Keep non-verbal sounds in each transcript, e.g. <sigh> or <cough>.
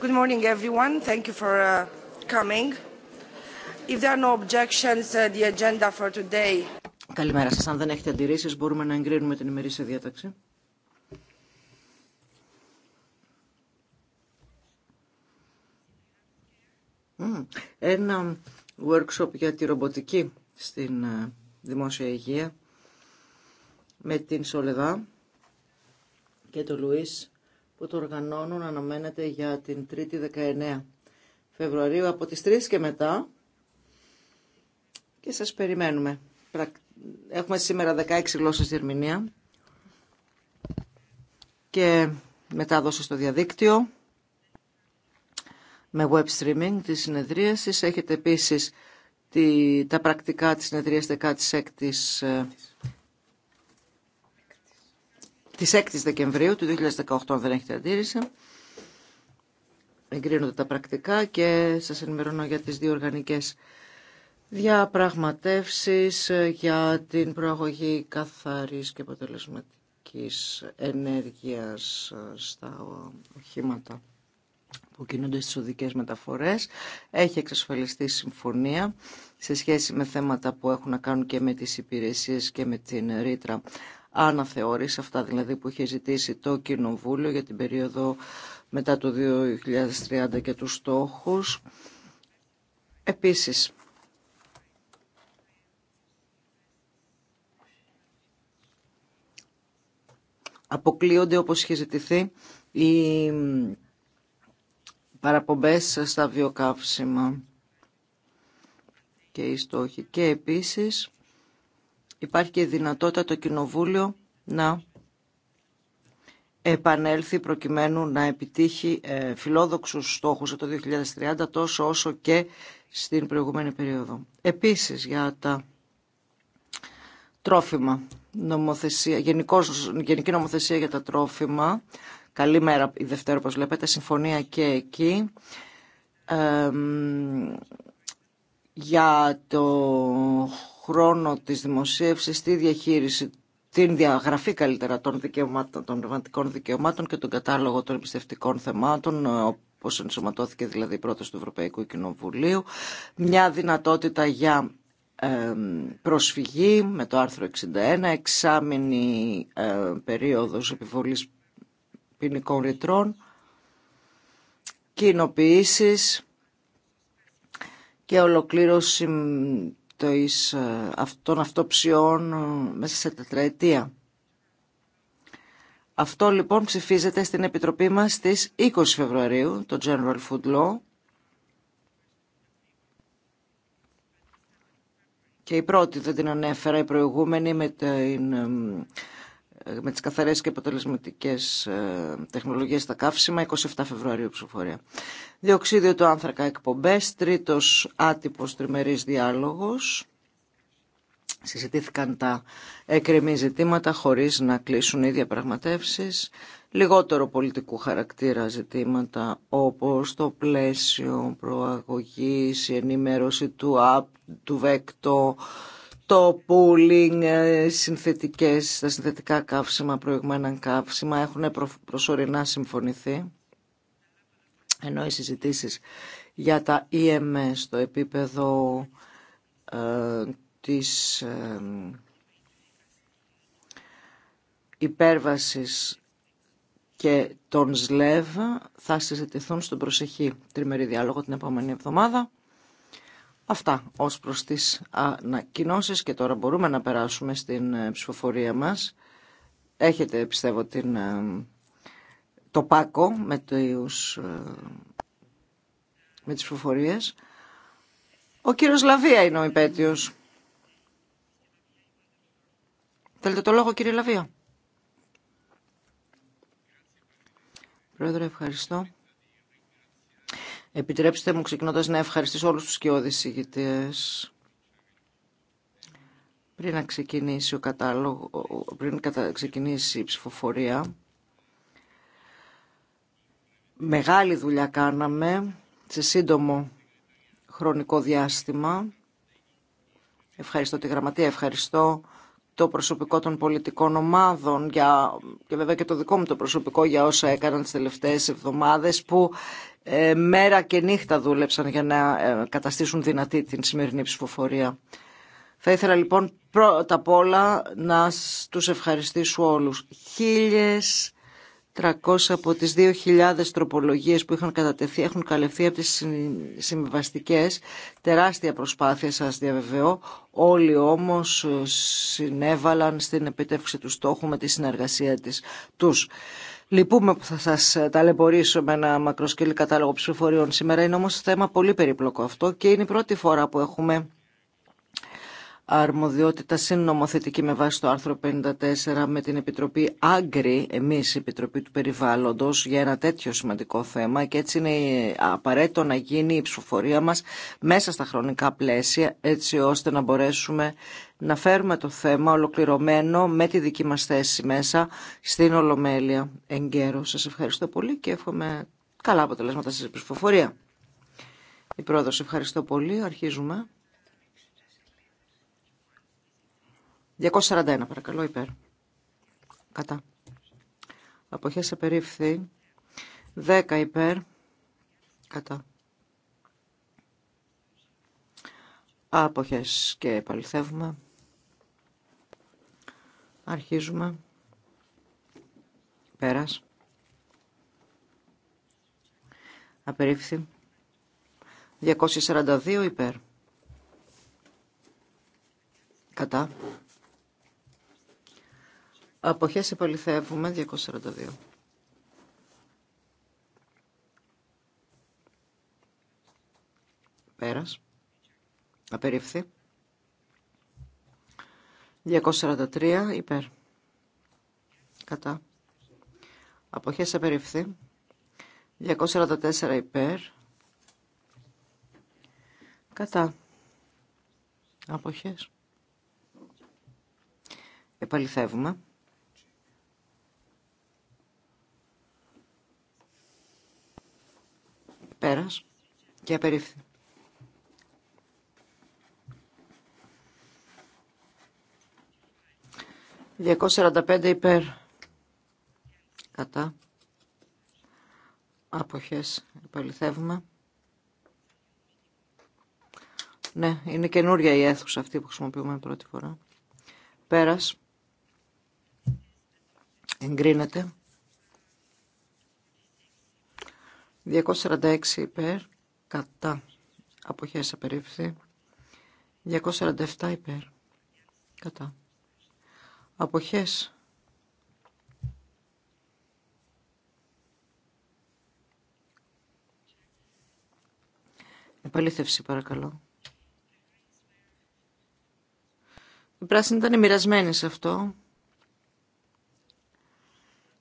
Good morning, everyone. Thank you for uh, coming. If there are no objections, uh, the agenda for today. Καλημέρα σας. Αν δεν έχετε αντιρρήσεις, μπορούμε να εγκρίνουμε την ημερήσια διάταξη. Ένα workshop για τη ρομποτική στην ε, δημόσια υγεία με την Σολεδά και τον Λουίς που το οργανώνουν αναμένεται για την 3η 19 Φεβρουαρίου από τις 3 και μετά και σας περιμένουμε. Έχουμε σήμερα 16 γλώσσες διερμηνία και μετάδοση στο διαδίκτυο με web streaming της συνεδρίασης. Έχετε επίσης τα πρακτικά της συνεδρίας 16ης της 6ης Δεκεμβρίου του 2018 δεν έχετε αντίρρηση. Εγκρίνονται τα πρακτικά και σας ενημερώνω για τις δύο οργανικές διαπραγματεύσεις ε, για την προαγωγή καθαρής και αποτελεσματικής ενέργειας ε, στα οχήματα που κινούνται στις οδικές μεταφορές. Έχει εξασφαλιστεί συμφωνία σε σχέση με θέματα που έχουν να κάνουν και με τις υπηρεσίες και με την ρήτρα αναθεώρηση, αυτά δηλαδή που είχε ζητήσει το Κοινοβούλιο για την περίοδο μετά το 2030 και τους στόχους. Επίσης, αποκλείονται όπως είχε ζητηθεί οι παραπομπές στα βιοκαύσιμα και οι στόχοι. Και επίσης υπάρχει και δυνατότητα το Κοινοβούλιο να επανέλθει προκειμένου να επιτύχει ε, φιλόδοξους στόχους το 2030 τόσο όσο και στην προηγούμενη περίοδο. Επίσης για τα τρόφιμα, νομοθεσία, γενικός, γενική νομοθεσία για τα τρόφιμα, καλή μέρα η Δευτέρα όπως βλέπετε, συμφωνία και εκεί. για το χρόνο της δημοσίευσης τη διαχείριση, την διαγραφή καλύτερα των, δικαιωμάτων, των πνευματικών δικαιωμάτων και τον κατάλογο των εμπιστευτικών θεμάτων, ε, όπως ενσωματώθηκε δηλαδή η πρόταση του Ευρωπαϊκού Κοινοβουλίου, μια δυνατότητα για ε, προσφυγή με το άρθρο 61, εξάμεινη ε, περίοδος επιβολής ποινικών ρητρών, κοινοποιήσεις και ολοκλήρωση ε, των αυτοψιών ε, μέσα σε τετραετία. Αυτό λοιπόν ψηφίζεται στην Επιτροπή μας στις 20 Φεβρουαρίου, το General Food Law. Και η πρώτη δεν την ανέφερα, η προηγούμενη με την ε, με τις καθαρές και αποτελεσματικές ε, τεχνολογίες στα καύσιμα, 27 Φεβρουαρίου ψηφοφορία. Διοξίδιο του άνθρακα εκπομπές, τρίτος άτυπος τριμερής διάλογος. Συζητήθηκαν τα έκρεμη ζητήματα χωρίς να κλείσουν οι διαπραγματεύσεις. Λιγότερο πολιτικού χαρακτήρα ζητήματα όπως το πλαίσιο προαγωγής, η ενημέρωση του ΑΠ, του ΒΕΚΤΟ, το pooling, ε, συνθετικές, τα συνθετικά καύσιμα, προηγμένα καύσιμα έχουν προσωρινά συμφωνηθεί. Ενώ οι συζητήσει για τα EMS στο επίπεδο ε, της ε, υπέρβασης και των ΣΛΕΒ θα συζητηθούν στον προσεχή τριμερή διάλογο την επόμενη εβδομάδα. Αυτά ως προς τις ανακοινώσεις και τώρα μπορούμε να περάσουμε στην ε, ψηφοφορία μας. Έχετε πιστεύω την, ε, το πάκο με, τους, ε, με τις ψηφοφορίες. Ο κύριος Λαβία είναι ο υπέτειος. Θέλετε το λόγο κύριε Λαβία. Πρόεδρε ευχαριστώ. Επιτρέψτε μου ξεκινώντας να ευχαριστήσω όλους τους σκιώδεις ηγητές. Πριν να ξεκινήσει κατάλογο, πριν κατα... ξεκινήσει η ψηφοφορία, μεγάλη δουλειά κάναμε σε σύντομο χρονικό διάστημα. Ευχαριστώ τη γραμματεία, ευχαριστώ το προσωπικό των πολιτικών ομάδων για, και βέβαια και το δικό μου το προσωπικό για όσα έκαναν τις τελευταίες εβδομάδες που ε, μέρα και νύχτα δούλεψαν για να ε, καταστήσουν δυνατή την σημερινή ψηφοφορία. Θα ήθελα λοιπόν πρώτα απ' όλα να τους ευχαριστήσω όλους. 1.300 από τις 2.000 τροπολογίες που είχαν κατατεθεί έχουν καλευθεί από τις συμβιβαστικέ. Τεράστια προσπάθεια σας διαβεβαιώ. Όλοι όμως ε, συνέβαλαν στην επίτευξη του στόχου με τη συνεργασία της τους. Λυπούμε που θα σας ε, ταλαιπωρήσω με ένα μακροσκελή κατάλογο ψηφοφοριών σήμερα. Είναι όμως θέμα πολύ περίπλοκο αυτό και είναι η πρώτη φορά που έχουμε αρμοδιότητα συνομοθετική με βάση το άρθρο 54 με την Επιτροπή Άγκρη, εμείς η Επιτροπή του Περιβάλλοντος, για ένα τέτοιο σημαντικό θέμα και έτσι είναι απαραίτητο να γίνει η ψηφοφορία μας μέσα στα χρονικά πλαίσια έτσι ώστε να μπορέσουμε να φέρουμε το θέμα ολοκληρωμένο με τη δική μας θέση μέσα στην Ολομέλεια Εγκαίρο. Σας ευχαριστώ πολύ και εύχομαι καλά αποτελέσματα στην ψηφοφορία. Η πρόεδρος, ευχαριστώ πολύ. Αρχίζουμε. 241 παρακαλώ υπέρ. Κατά. Αποχές απερίφθη. 10 υπέρ. Κατά. Αποχές και επαληθεύουμε. Αρχίζουμε. Πέρας. Απερίφθη. 242 υπέρ. Κατά. Αποχές επαληθεύουμε 242. Πέρας. Απερίφθη. 243 υπέρ. Κατά. Αποχές απερίφθη. 244 υπέρ. Κατά. Αποχές. Επαληθεύουμε. Πέρας. Και απερίφθη. ...245 υπέρ... ...κατά... ...άποχες... ...επαληθεύουμε... ...ναι, είναι καινούρια η αίθουσα αυτή που χρησιμοποιούμε πρώτη φορά... ...πέρας... ...εγκρίνεται... 246 υπέρ, κατά, αποχές απερίφθη. 247 υπέρ, κατά. Αποχές. Επαλήθευση παρακαλώ. Η πράσινη ήταν μοιρασμένη σε αυτό.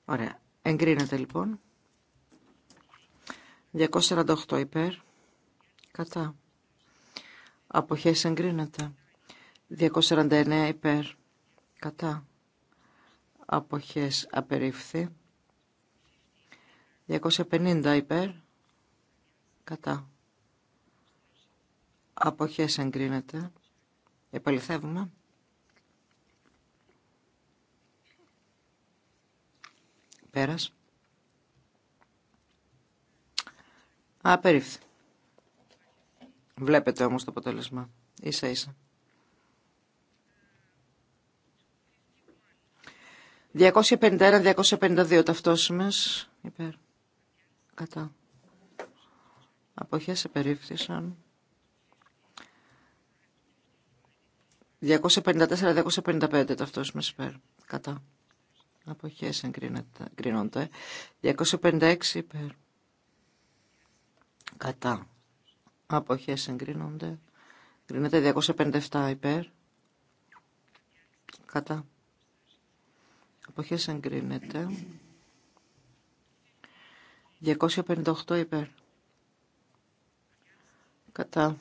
Ωραία. Εγκρίνεται λοιπόν. 248 υπέρ. Κατά. Αποχές εγκρίνεται. 249 υπέρ. Κατά. Αποχές απερίφθη. 250 υπέρ. Κατά. Αποχές εγκρίνεται. Επαληθεύουμε. Πέρας. Απερίφθη. Βλέπετε όμως το αποτέλεσμα. Ίσα ίσα. 251-252 ταυτόσημες. Υπέρ. Κατά. Αποχές επερίφθησαν. 254-255 ταυτόσημες υπέρ. Κατά. Αποχές εγκρίνονται. 256 υπέρ κατά αποχές εγκρίνονται εγκρίνεται 257 υπέρ κατά αποχές εγκρίνεται 258 υπέρ κατά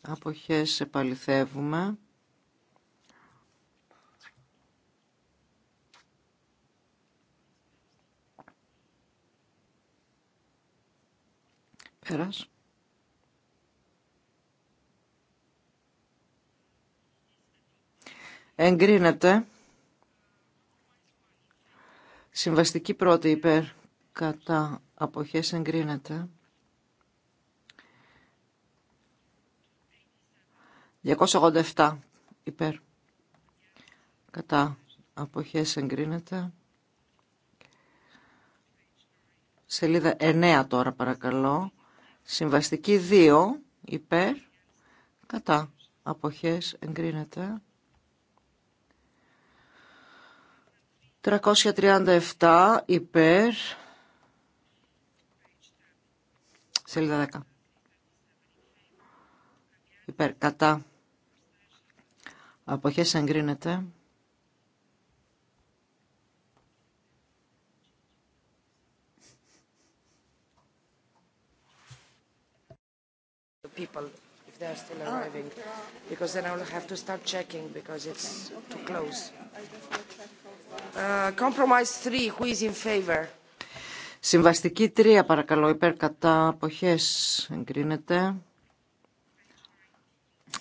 αποχές επαληθεύουμε Πέρας. Εγκρίνεται. Συμβαστική πρώτη υπέρ κατά αποχές εγκρίνεται. 287 υπέρ κατά αποχές εγκρίνεται. Σελίδα 9 τώρα παρακαλώ. Συμβαστική 2 υπέρ κατά αποχές εγκρίνεται. 337 υπέρ σελίδα 10 υπέρ κατά αποχές εγκρίνεται people if they are still arriving, because then I will have to start checking because it's too close. Compromise 3, who is in favor? Συμβαστική 3, παρακαλώ, υπέρ κατά αποχές εγκρίνεται.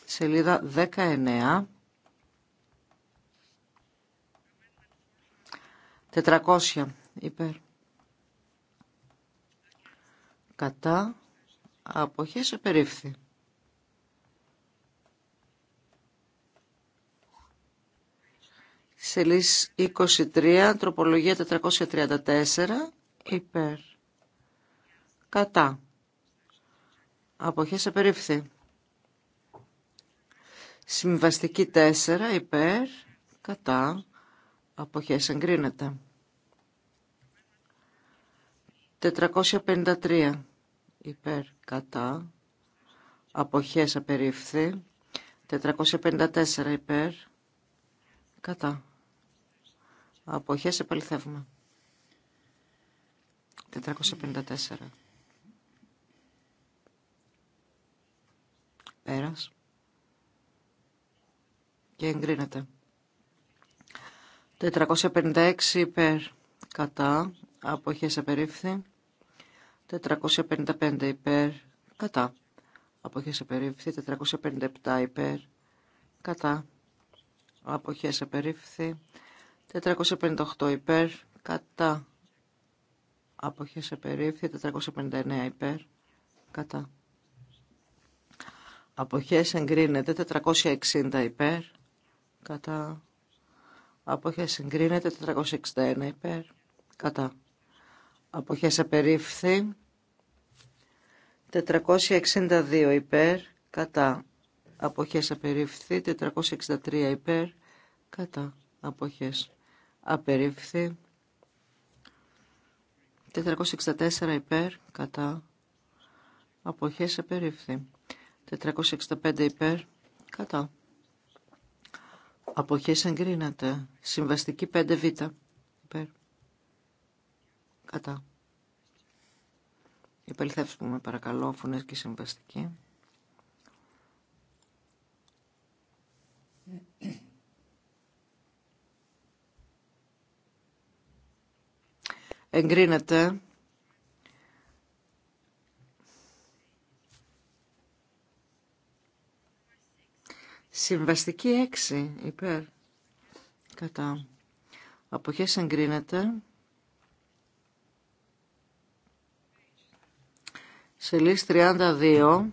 Σελίδα 19. 400 υπέρ. Κατά αποχές απερίφθη. Σελής 23, τροπολογία 434, υπέρ. Κατά. Αποχές απερίφθη. Συμβαστική 4, υπέρ. Κατά. Αποχές εγκρίνεται. 453 υπέρ κατά αποχές απερίφθη 454 υπέρ κατά αποχές επαληθεύουμε 454 πέρας και εγκρίνεται 456 υπέρ κατά αποχές απερίφθη 455 υπέρ κατά αποχές απερίφθη 457 υπέρ κατά αποχές απερίφθη 458 υπέρ κατά αποχές απερίφθη 459 υπέρ κατά αποχές εγκρίνεται 460 υπέρ κατά αποχές εγκρίνεται 461 υπέρ κατά Αποχέ απερίφθη 462 υπέρ κατά αποχέ απερίφθη 463 υπέρ κατά αποχές απερίφθη 464 υπέρ κατά αποχέ απερίφθη 465 υπέρ κατά αποχές εγκρίνεται συμβαστική 5β υπέρ Κατά. Επαληθεύσουμε παρακαλώ είναι και συμβαστική. Εγκρίνεται. Συμβαστική 6 υπέρ. Κατά. Αποχές εγκρίνεται. Σελής 32.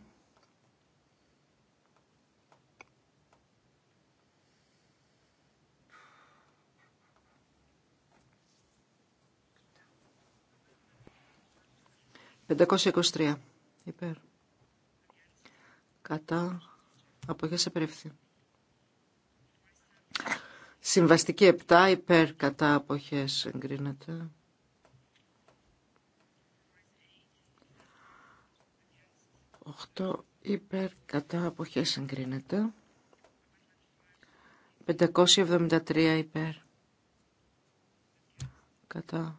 «523. Υπέρ. Κατά. Αποχές επερευθεί. Συμβαστική 7. Υπέρ. Κατά. Αποχές εγκρίνεται. 8 υπέρ κατά αποχές συγκρίνεται. 573 υπέρ κατά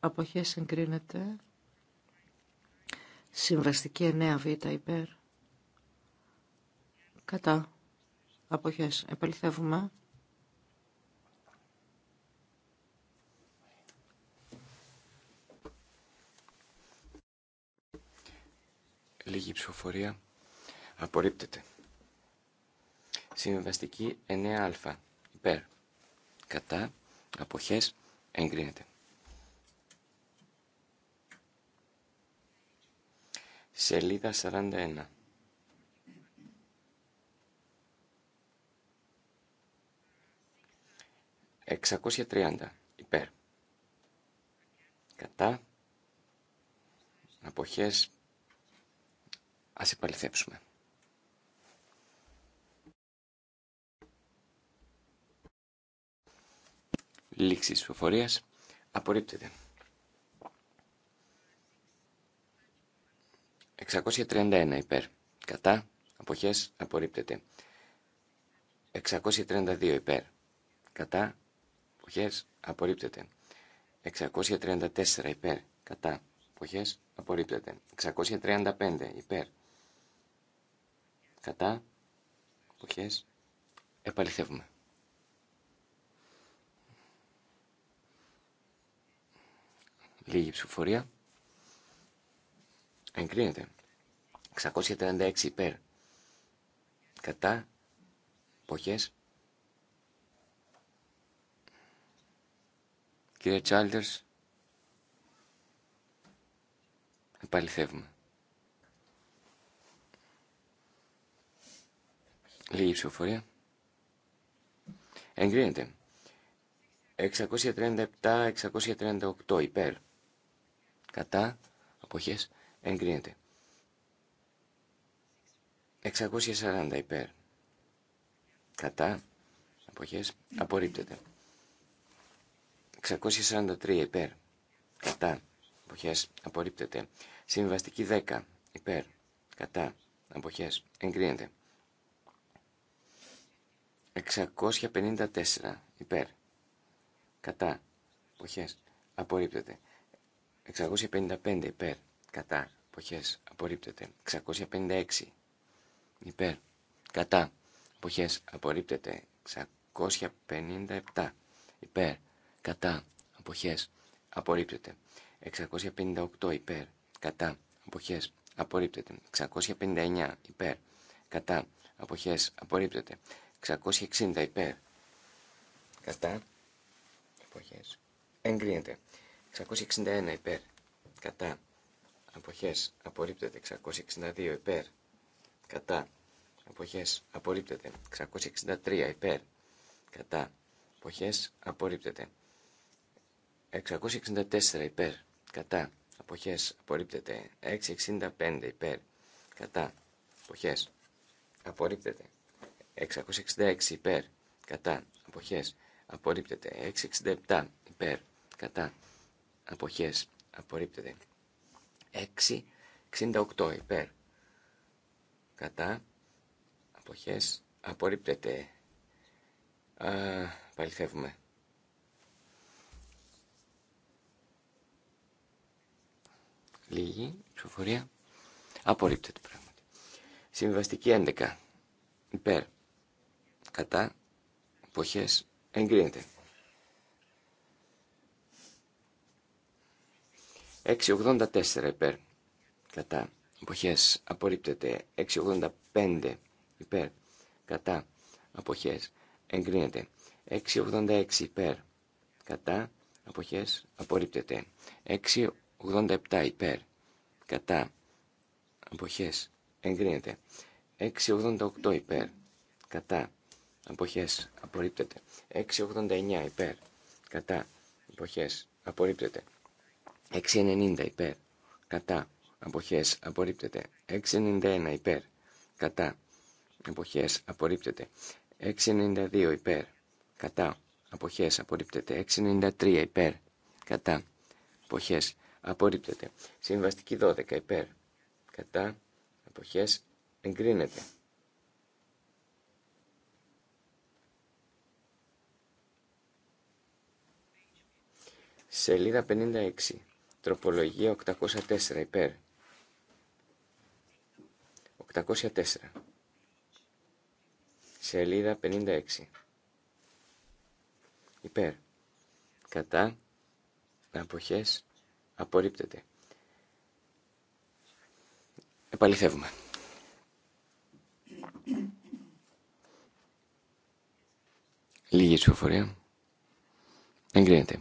αποχές συγκρίνεται. Συμβαστική 9 β υπέρ κατά αποχές. Επαληθεύουμε. Λίγη ψηφοφορία. Απορρίπτεται. Συμβαστική 9α. Υπέρ. Κατά. Αποχές. Εγκρίνεται. Σελίδα 41. 630 Υπέρ. Κατά. Αποχές Ας επαληθεύσουμε. Λήξη της ψηφοφορίας. Απορρίπτεται. 631 υπέρ. Κατά. Αποχές. Απορρίπτεται. 632 υπέρ. Κατά. Αποχές. Απορρίπτεται. 634 υπέρ. Κατά. Αποχές. Απορρίπτεται. 635 υπέρ κατά, εποχές, επαληθεύουμε. Λίγη ψηφοφορία. Εγκρίνεται. 636 υπέρ. Κατά. Ποχές. Κύριε Τσάλτερς. Επαληθεύουμε. Λίγη ψηφοφορία. Εγκρίνεται. 637-638 υπέρ. Κατά αποχές εγκρίνεται. 640 υπέρ. Κατά αποχές απορρίπτεται. 643 υπέρ. Κατά αποχές απορρίπτεται. Συμβαστική 10 υπέρ. Κατά αποχές εγκρίνεται. 654 υπέρ. Κατά. Ποχές. Απορρίπτεται. 655 υπέρ. Κατά. Ποχές. Απορρίπτεται. 656 υπέρ. Κατά. Ποχές. Απορρίπτεται. 657 υπέρ. Κατά. Αποχές. Απορρίπτεται. 658 υπέρ. Κατά. Αποχές. Απορρίπτεται. 659 υπέρ. Κατά. Αποχές. Απορρίπτεται. 660 υπέρ. Κατά. Αποχές. Εγκρίνεται. 661 υπέρ. Κατά. Αποχές. Απορρίπτεται. 662 υπέρ. Κατά. Αποχές. Απορρίπτεται. 663 υπέρ. Κατά. Αποχές. Απορρίπτεται. 664 υπέρ. Κατά. Αποχές. Απορρίπτεται. 665 υπέρ. Κατά. Αποχές. Απορρίπτεται. 666 υπέρ, κατά, αποχές, απορρίπτεται. 667 υπέρ, κατά, αποχές, απορρίπτεται. 668 υπέρ, κατά, αποχές, απορρίπτεται. Α, παληθεύουμε. Λίγη ψηφοφορία. Απορρίπτεται πράγματι. Συμβαστική 11. Υπέρ κατά εποχές εγκρίνεται. 684 υπέρ κατά εποχές απορρίπτεται. 685 υπέρ κατά αποχές εγκρίνεται. 686 υπέρ κατά αποχές απορρίπτεται. 687 υπέρ κατά αποχές εγκρίνεται. 688 υπέρ κατά Αποχές. Απορρίπτεται. 689 υπέρ. Κατά. Αποχές. Απορρίπτεται. 690 υπέρ. Κατά. Αποχές. Απορρίπτεται. 691 υπέρ. Κατά. Αποχές. Απορρίπτεται. 692 υπέρ. Κατά. Αποχές. Απορρίπτεται. 693 υπέρ. Κατά. Αποχές. Απορρίπτεται. Συμβαστική 12 υπέρ. Κατά. Αποχές. Εγκρίνεται. Σελίδα 56. Τροπολογία 804 υπέρ. 804. Σελίδα 56. Υπέρ. Κατά. Αποχές. Απορρίπτεται. Επαληθεύουμε. Λίγη ψηφοφορία. Εγκρίνεται.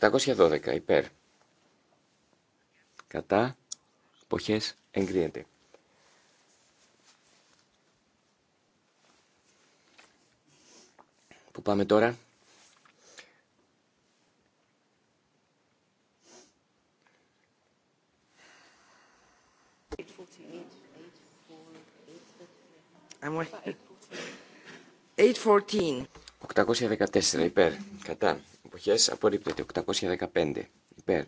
812 υπέρ. Κατά εποχές εγκρίνεται. Πού πάμε τώρα. I'm 814. 814 υπέρ. Κατά εποχές απορρίπτεται. 815 υπέρ.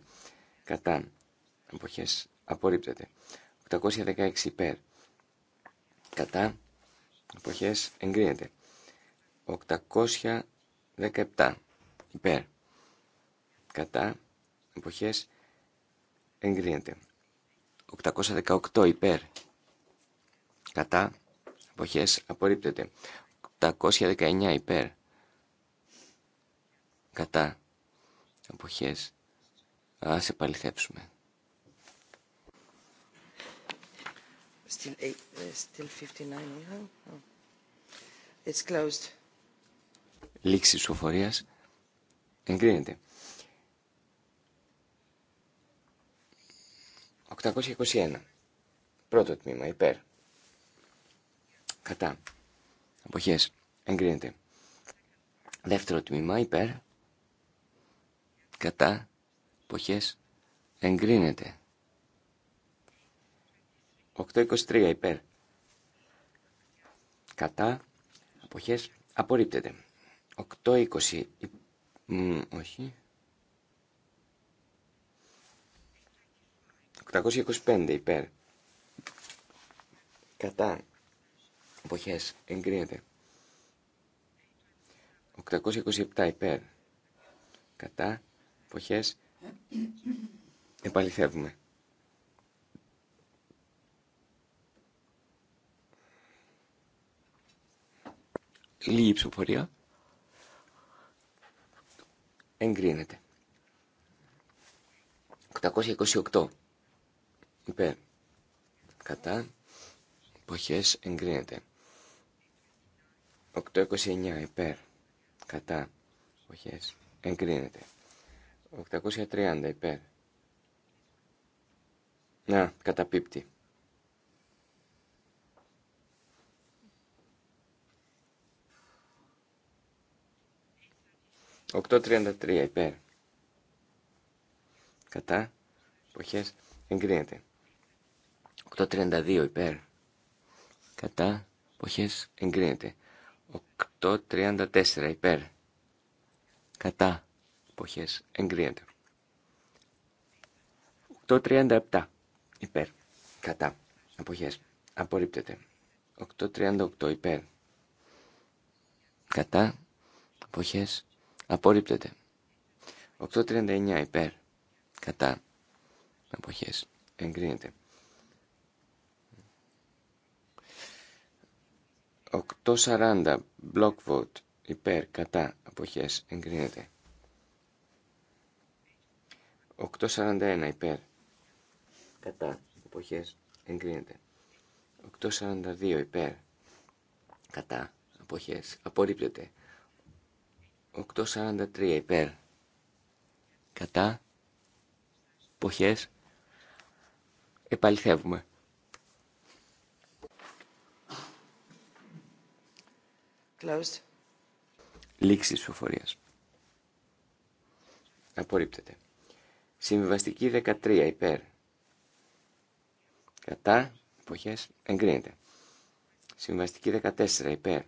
Κατά. Αποχές απορρίπτεται. 816 υπέρ. Κατά. Αποχές εγκρίνεται. 817 υπέρ. Κατά. Αποχές εγκρίνεται. 818 υπέρ. Κατά. Αποχές απορρίπτεται. 819 υπέρ κατά εποχές ας επαληθεύσουμε. Still, eight, uh, still 59, It's closed. Λήξη σοφορίας εγκρίνεται. 821. Πρώτο τμήμα, υπέρ. Κατά. Αποχές. Εγκρίνεται. Δεύτερο τμήμα, υπέρ κατά ποχές εγκρίνεται 823 υπέρ κατά ποχές απορρίπτεται 820 μ, όχι 825 υπέρ κατά εποχές εγκρίνεται 827 υπέρ κατά Εποχές επαληθεύουμε. Λίγη ψηφοφορία. Εγκρίνεται. 828. Υπέρ. Κατά. Εποχές εγκρίνεται. 829. Υπέρ. Κατά. Εποχές εγκρίνεται. 830 υπέρ. Να, καταπίπτει. Οκτώ τριάντα υπέρ. Κατά. Εποχές εγκρίνεται. 8.32 υπέρ. Κατά. Εποχές εγκρίνεται. 8.34 υπέρ. Κατά αποχές εγκρίνεται. 8.37 υπέρ κατά αποχές απορρίπτεται. 8.38 υπέρ κατά αποχές απορρίπτεται. 8.39 υπέρ κατά αποχές εγκρίνεται. 8.40 block vote υπέρ κατά αποχές εγκρίνεται. 841 υπέρ. Κατά. εποχές Εγκρίνεται. 842 υπέρ. Κατά. Αποχές. Απορρίπτεται. 843 υπέρ. Κατά. εποχές Επαληθεύουμε. Closed. Λήξη ψηφοφορίας. Απορρίπτεται. Συμβιβαστική 13 υπέρ. Κατά εποχές εγκρίνεται. Συμβαστική 14 υπέρ.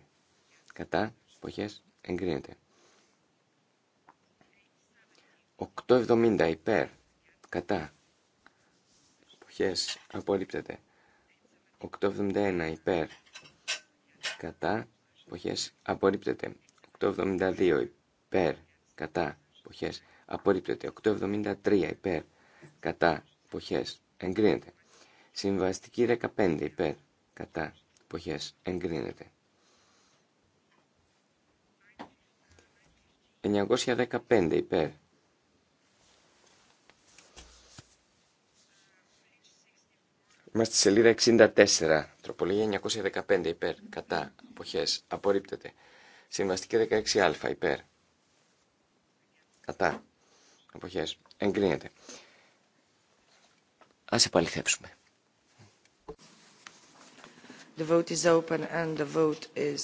Κατά εποχές εγκρίνεται. 870 υπέρ. Κατά εποχές απορρίπτεται. 871 υπέρ. Κατά εποχές απορρίπτεται. 872 υπέρ. Κατά εποχές απορρίπτεται. 873 υπέρ κατά εποχές εγκρίνεται. Συμβαστική 15 υπέρ κατά εποχές εγκρίνεται. 915 υπέρ. Είμαστε στη σελίδα 64. Τροπολογία 915 υπέρ. Κατά. Αποχές. Απορρίπτεται. Συμβαστική 16α υπέρ. Κατά. Εποχές. Εγκρίνεται. Ας επαληθεύσουμε. The vote is open and the vote is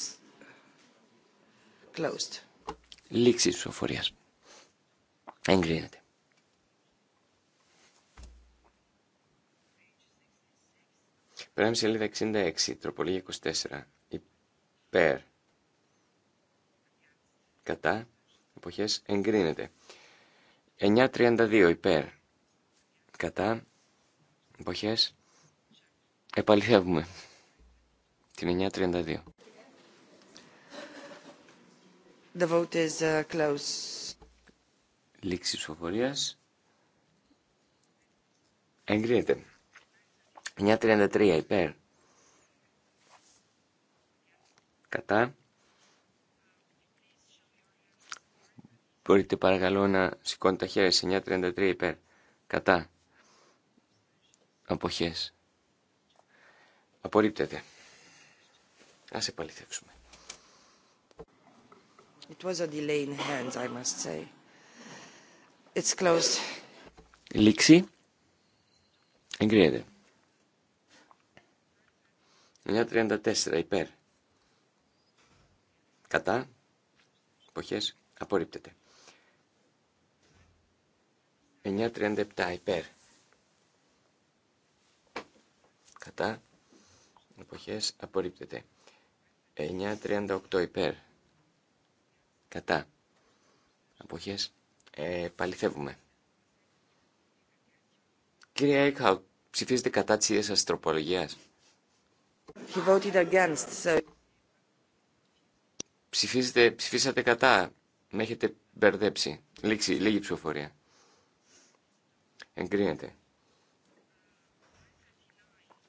closed. Λήξη της ψηφοφορίας. Εγκρίνεται. Περάμε σελίδα 66, τροπολογία 24. Υπέρ. Κατά. Εποχές εγκρίνεται. 9.32 υπέρ. Κατά. Εποχές. Επαληθεύουμε. Την 9.32. The vote is uh, close. Λήξη ψηφοφορίας. Εγκρίνεται. 9.33 υπέρ. Κατά. Μπορείτε παρακαλώ να σηκώνετε τα χέρια σε 9.33 υπέρ. Κατά. Αποχές. Απορρίπτεται. Ας επαληθεύσουμε. It was a delay in hands, I must say. It's closed. Λήξη. Εγκρίνεται. 9.34 υπέρ. Κατά. Εποχές. Απορρίπτεται. 9.37 υπέρ. Κατά. Εποχές απορρίπτεται. 9.38 υπέρ. Κατά. εποχές ε, παληθεύουμε. Κύριε Έκχαουτ, ψηφίζετε κατά της ίδιας σας τροπολογίας. Ψηφίσατε, κατά. Με έχετε μπερδέψει. Λήξη, λίγη ψηφοφορία εγκρίνεται.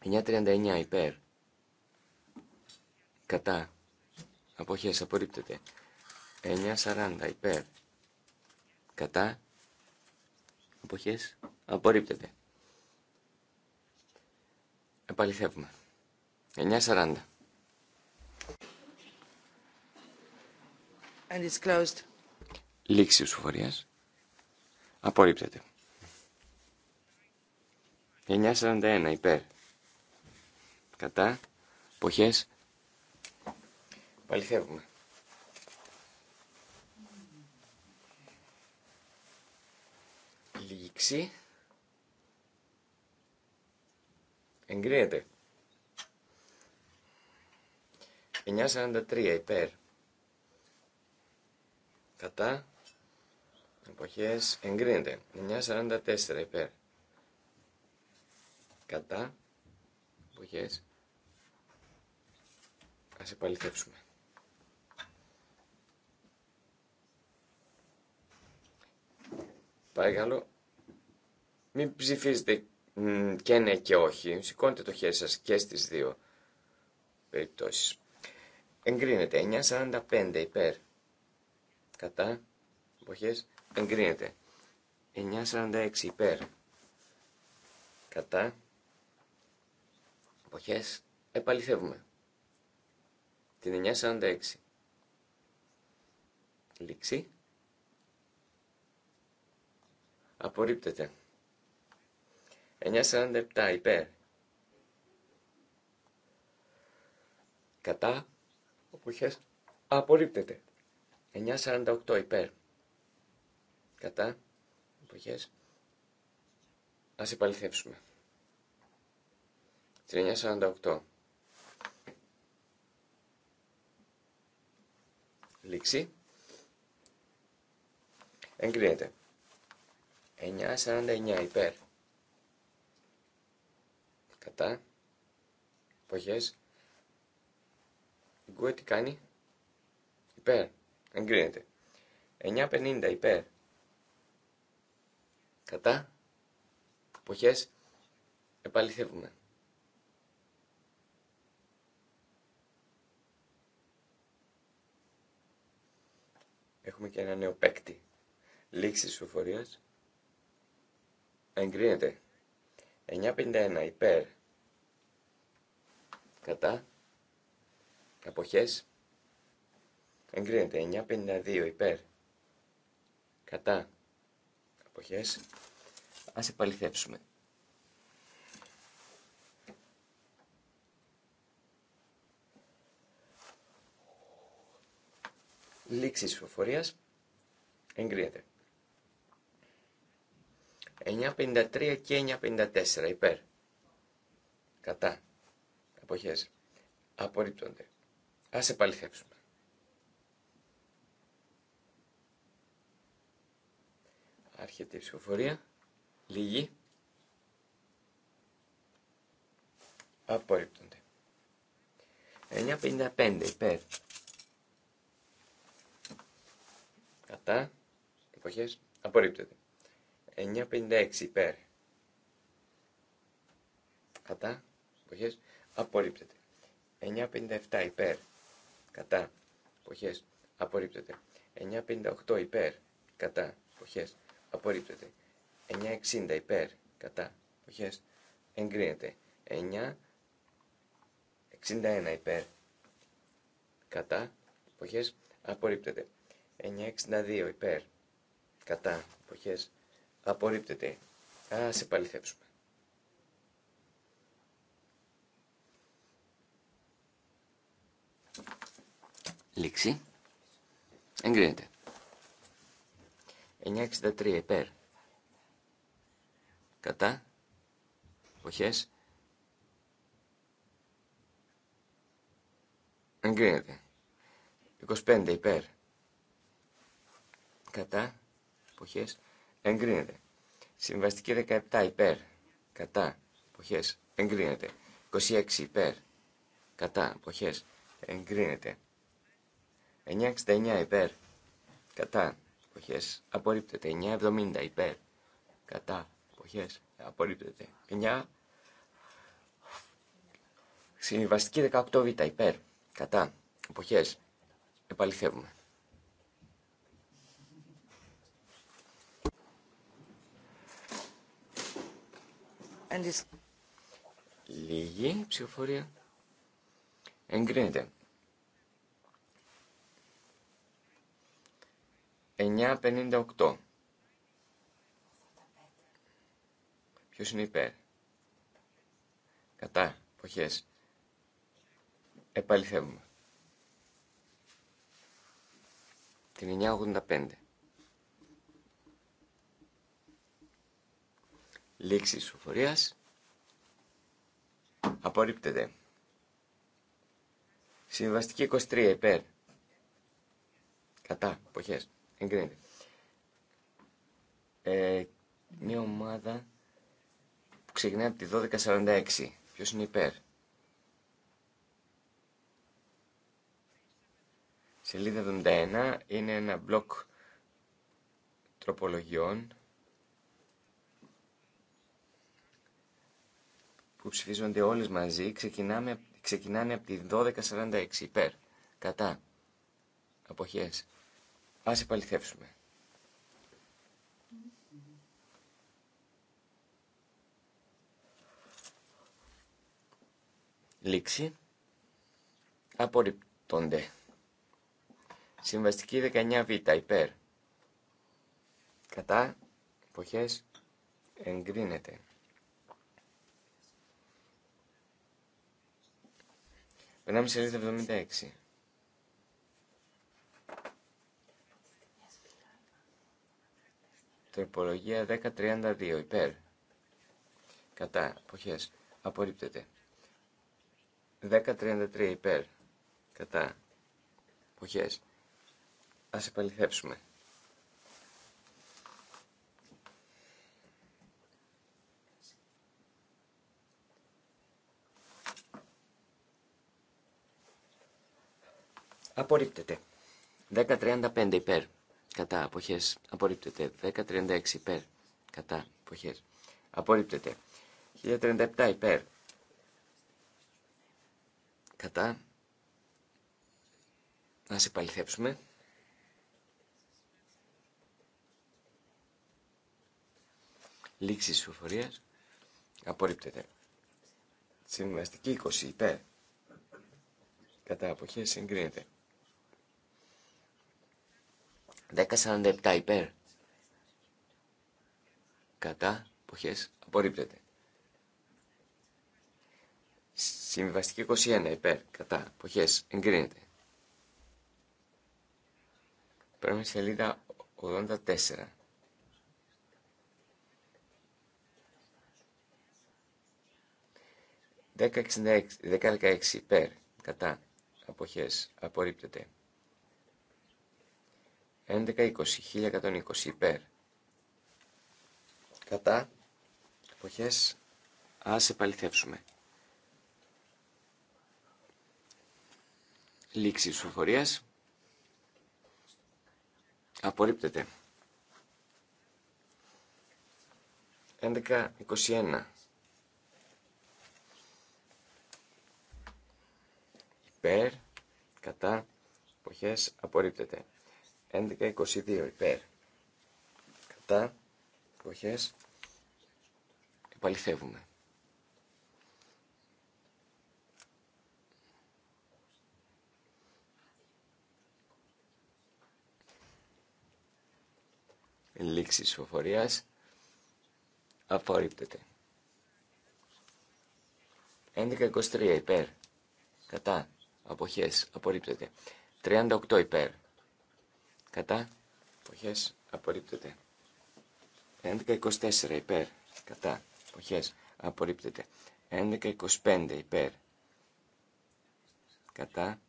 9.39 υπέρ. Κατά. Αποχές απορρίπτεται. 9.40 υπέρ. Κατά. Αποχές απορρίπτεται. Επαληθεύουμε. 9.40. And Λήξη ουσφορίας. Απορρίπτεται. 941 υπέρ. Κατά. Εποχές. Παληθεύουμε. Λήξη. Εγκρίνεται. 9.43 υπέρ. Κατά. Εποχές εγκρίνεται. 9.44 υπέρ κατά, εποχές. ας επαληθεύσουμε. Παρακαλώ, μην ψηφίζετε και ναι και όχι. Σηκώνετε το χέρι σας και στις δύο περιπτώσεις. Εγκρίνεται 9.45 υπέρ. Κατά. Εποχές. Εγκρίνεται. 9.46 υπέρ. Κατά εποχές Επαληθεύουμε. Την 946. Λήξη. Απορρίπτεται. 947 υπέρ. Κατά. Αποχές. Απορρίπτεται. 948 υπέρ. Κατά. Αποχές. Ας επαληθεύσουμε. 9.48 Λήξη. Εγκρίνεται. 949 υπέρ. Κατά. Εποχές. Γκουε τι κάνει. Υπέρ. Εγκρίνεται. 950 υπέρ. Κατά. Εποχές. Επαληθεύουμε. έχουμε και ένα νέο παίκτη. Λήξη της ψηφοφορίας. Εγκρίνεται. 9.51 υπέρ. Κατά. Αποχές. Εγκρίνεται. 9.52 υπέρ. Κατά. Αποχές. Ας επαληθεύσουμε. Λήξη ψηφοφορία Εγκρίνεται. 9.53 και 9.54 υπέρ. Κατά. Αποχές. Απορρίπτονται. Ας επαληθεύσουμε. Άρχεται η ψηφοφορία. Λίγη. Απορρίπτονται. 9.55 υπέρ κατά, εποχές, απορρίπτεται. 9.56 υπέρ, κατά, εποχές, απορρίπτεται. 9.57 υπέρ, κατά, εποχές, απορρίπτεται. 9.58 υπέρ, κατά, εποχές, απορρίπτεται. 9.60 υπέρ, κατά, εποχές, εγκρίνεται. 9.61 υπέρ, κατά, εποχές, απορρίπτεται. 9.62 υπέρ. Κατά. Εποχές. Απορρίπτεται. Ας επαληθεύσουμε. Λήξη. Εγκρίνεται. 9.63 υπέρ. Κατά. Εποχές. Εγκρίνεται. 25 υπέρ κατά, εποχές, εγκρίνεται. Συμβαστική 17 υπέρ, κατά, εποχές, εγκρίνεται. 26 υπέρ, κατά, εποχές, εγκρίνεται. 969 υπέρ, κατά, εποχές, απορρίπτεται. 970 υπέρ, κατά, εποχές, απορρίπτεται. 9 Συμβαστική 18β υπέρ, κατά, εποχές, επαληθεύουμε. Λίγη ψηφοφορία. Εγκρίνεται. 9.58. Ποιος είναι υπέρ. Κατά. Εποχές. Επαληθεύουμε. Την 9.85. Λήξη τη Απορρίπτεται. Συμβαστική 23 υπέρ. Κατά. Εποχές. Εγκρίνεται. Ε, μια ομάδα που ξεκινάει από τη 1246. Ποιος είναι υπέρ. Σελίδα 71 είναι ένα μπλοκ τροπολογιών που ψηφίζονται όλες μαζί ξεκινάμε, ξεκινάνε από τη 1246 υπέρ. Κατά. Αποχές. Ας επαληθεύσουμε. Λήξη. Απορριπτώνται. Συμβαστική 19β υπέρ. Κατά. Εποχές. Εγκρίνεται. Περνάμε σε 76. Τροπολογία 1032. Υπέρ. Κατά. Εποχέ. Απορρίπτεται. 1033. Υπέρ. Κατά. Α Ας επαληθεύσουμε. Απορρίπτεται. 10.35 υπέρ. Κατά αποχές. Απορρίπτεται. 10.36 υπέρ. Κατά αποχές. Απορρίπτεται. 1037 υπέρ. Κατά. Να σε παληθέψουμε. Λήξη της Απορρίπτεται. Συμβαστική 20 υπέρ. Κατά αποχές εγκρίνεται. 10.47 υπέρ. Κατά εποχές απορρίπτεται. Συμβαστική 21 υπέρ. Κατά εποχές εγκρίνεται. Πρέπει σελίδα 84. Δέκα υπέρ, κατά, αποχές, απορρίπτεται. 11.20. 1120 υπέρ. Κατά. Εποχές. Ας επαληθεύσουμε. Λήξη ψηφοφορίας. Απορρίπτεται. 11-21 Υπέρ, κατά, εποχές, απορρίπτεται. 11-22 υπέρ. Κατά εποχές επαληθεύουμε. Λήξη ψηφοφορίας απορρίπτεται. 11-23 υπέρ. Κατά. Αποχές. Απορρίπτεται. 38 υπέρ κατά εποχές απορρίπτεται. 24 υπέρ κατά εποχές απορρίπτεται. 25 υπέρ κατά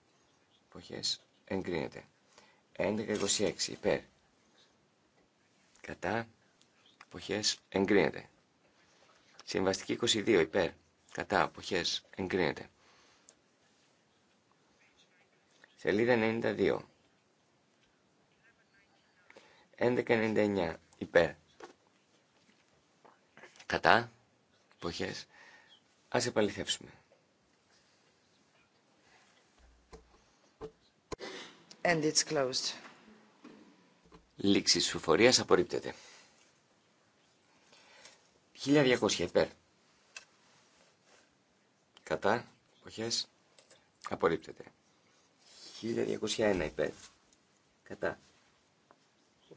εποχές εγκρίνεται. 26 υπέρ κατά εποχές εγκρίνεται. Συμβαστική 22 υπέρ κατά εποχές εγκρίνεται. Σελίδα 92 1199 υπέρ. Κατά. Εποχές. Ας επαληθεύσουμε. 1199. απορρίπτεται. 1200 υπέρ. Κατά. Εποχές. Απορρίπτεται. 1201 υπέρ. Κατά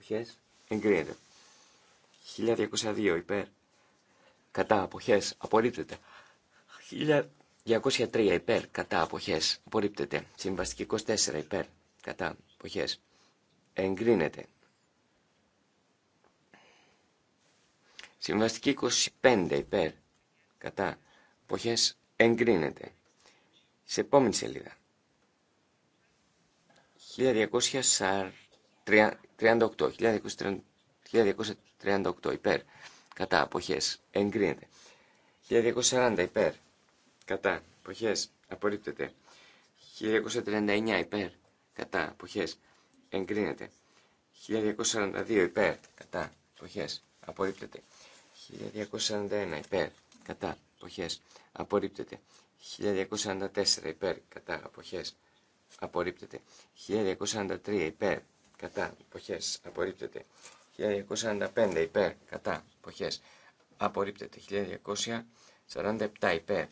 αποχές εγκρίνεται. 1202 υπέρ κατά αποχές απορρίπτεται. 1203 υπέρ κατά αποχές απορρίπτεται. Συμβαστική 24 υπέρ κατά αποχές εγκρίνεται. Συμβαστική 25 υπέρ κατά αποχές εγκρίνεται. Σε επόμενη σελίδα. 1240 1238 υπέρ. Κατά αποχές. Εγκρίνεται. 1240 υπέρ. Κατά αποχές. Απορρίπτεται. 1239 υπέρ. Κατά αποχές. Εγκρίνεται. 1242 υπέρ. Κατά αποχές. Απορρίπτεται. 1241 υπέρ. Κατά αποχές. Απορρίπτεται. 1244 υπέρ. Κατά αποχές. Απορρίπτεται. 1243 υπέρ κατά ποχές απορρίπτεται 1245 υπέρ κατά εποχές απορρίπτεται 1247 υπέρ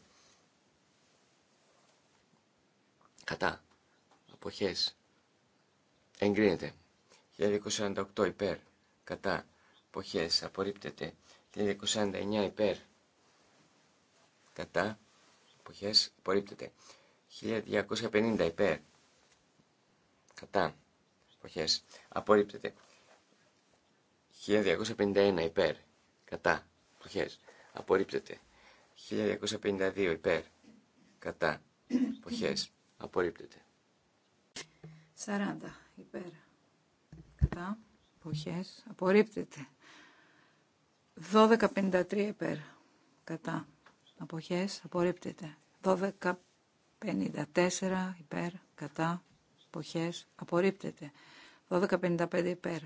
κατά εποχές εγκρίνεται 1248 υπέρ κατά ποχές απορρίπτεται 1249 υπέρ κατά ποχές απορρίπτεται 1250 υπέρ κατά αποχές απορρίπτεται. 1251 υπέρ κατά αποχές απορρίπτεται. 1252 υπέρ κατά αποχές απορρίπτεται. 40 υπέρ κατά αποχές απορρίπτεται. 1253 υπέρ κατά αποχές απορρίπτεται. 1254 υπέρ κατά εποχές, απορρίπτεται. 12.55 υπέρ.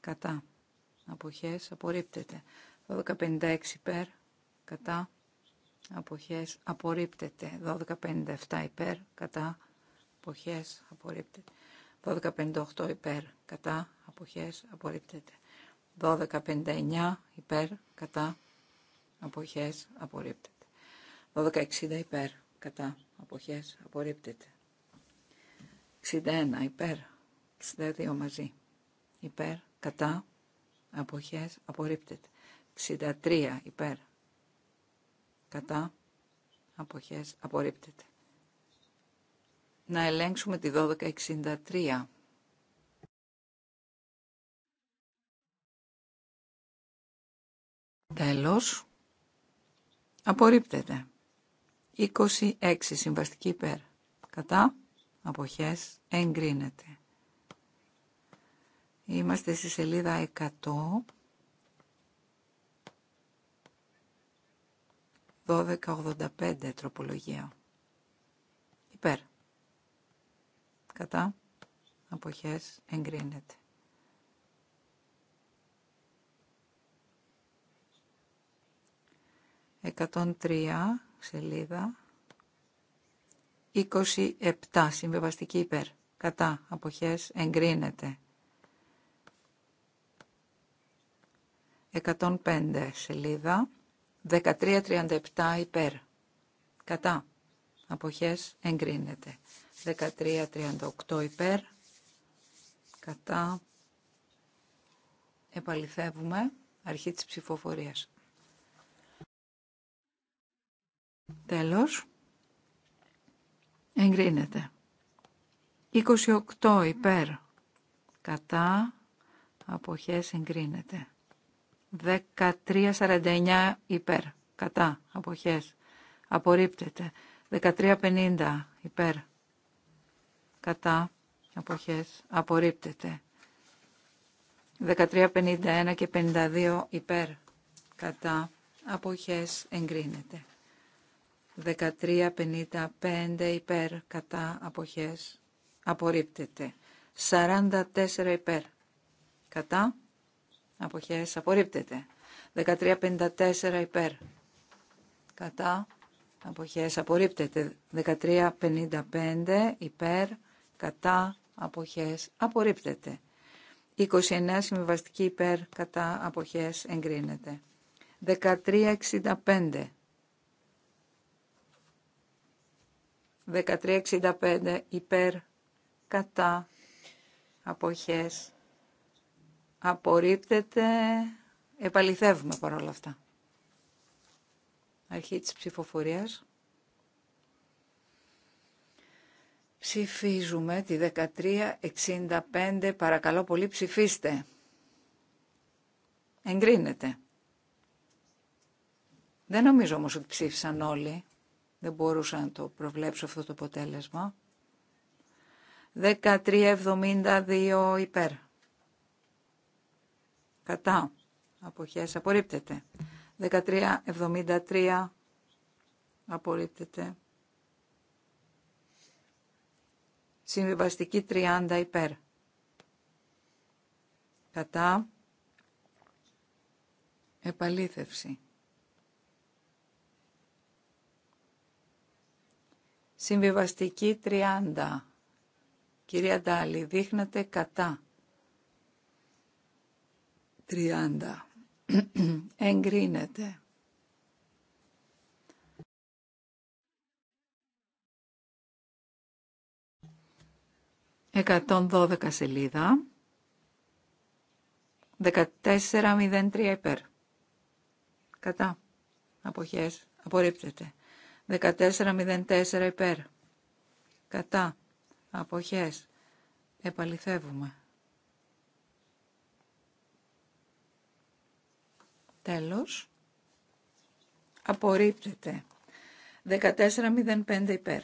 Κατά. Αποχές. Απορρίπτεται. 12.56 υπέρ. Κατά. Αποχές. Απορρίπτεται. 12.57 υπέρ. Κατά. Αποχές. Απορρίπτεται. 12.58 υπέρ. Κατά. Αποχές. Απορρίπτεται. 12.59 υπέρ. Κατά. Αποχές. Απορρίπτεται. 12.60 υπέρ. Κατά. Αποχές. Απορρίπτεται. 61 υπέρ 62 μαζί. Υπέρ, κατά, αποχές, απορρίπτεται. 63 υπέρ, κατά, αποχές, απορρίπτεται. Να ελέγξουμε τη 1263. Τέλος, απορρίπτεται. 26 συμβαστική υπέρ, κατά, αποχές, εγκρίνεται. Είμαστε στη σελίδα 100. 1285 τροπολογία. Υπέρ. Κατά. Αποχές εγκρίνεται. 103, σελίδα. 27 συμβεβαστική υπέρ. Κατά. Αποχές εγκρίνεται. 105 σελίδα, 1337 υπέρ. Κατά. Αποχές εγκρίνεται. 1338 υπέρ. Κατά. Επαληθεύουμε. Αρχή της ψηφοφορίας. Τέλος. Εγκρίνεται. 28 υπέρ. Κατά. Αποχές εγκρίνεται. 1349 υπέρ. Κατά. Αποχές. Απορρίπτεται. 1350 υπέρ. Κατά. Αποχές. Απορρίπτεται. 1351 και 52 υπέρ. Κατά. Αποχές. Εγκρίνεται. 1355 υπέρ. Κατά. Αποχές. Απορρίπτεται. 44 υπέρ. Κατά αποχές απορρίπτεται. 1354 υπέρ κατά αποχές απορρίπτεται. 1355 υπέρ κατά αποχές απορρίπτεται. 29 συμβιβαστική υπέρ κατά αποχές εγκρίνεται. 1365 1365 υπέρ κατά αποχές απορρίπτεται, επαληθεύουμε παρόλα αυτά. Αρχή της ψηφοφορίας. Ψηφίζουμε τη 1365, παρακαλώ πολύ ψηφίστε. Εγκρίνεται. Δεν νομίζω όμως ότι ψήφισαν όλοι. Δεν μπορούσα να το προβλέψω αυτό το αποτέλεσμα. 1372 υπέρ κατά αποχές απορρίπτεται. 1373 απορρίπτεται. Συμβιβαστική 30 υπέρ. Κατά επαλήθευση. Συμβιβαστική 30. Κυρία Ντάλη, δείχνατε κατά. 30. <clears throat> Εγκρίνεται. 112 δώδεκα σελίδα. 14.03 υπέρ. Κατά. Αποχές. Απορρίπτεται. 14.04 υπέρ. Κατά. Αποχές. Επαληθεύουμε. Τέλος. Απορρίπτεται. 14.05 υπέρ.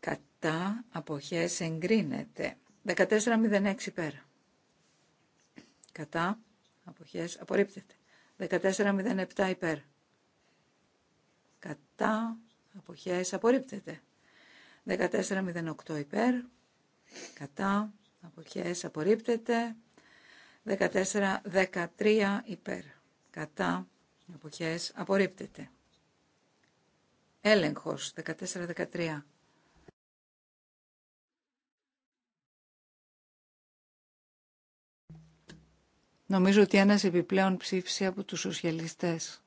Κατά αποχές εγκρίνεται. 14.06 υπέρ. Κατά αποχές απορρίπτεται. 14.07 υπέρ. Κατά αποχές απορρίπτεται. 14.08 υπέρ. Κατά αποχές απορρίπτεται. 14, 13 υπέρ. Κατά εποχές απορρίπτεται. Έλεγχος 14, 13. Νομίζω ότι ένας επιπλέον ψήφισε από τους σοσιαλιστές.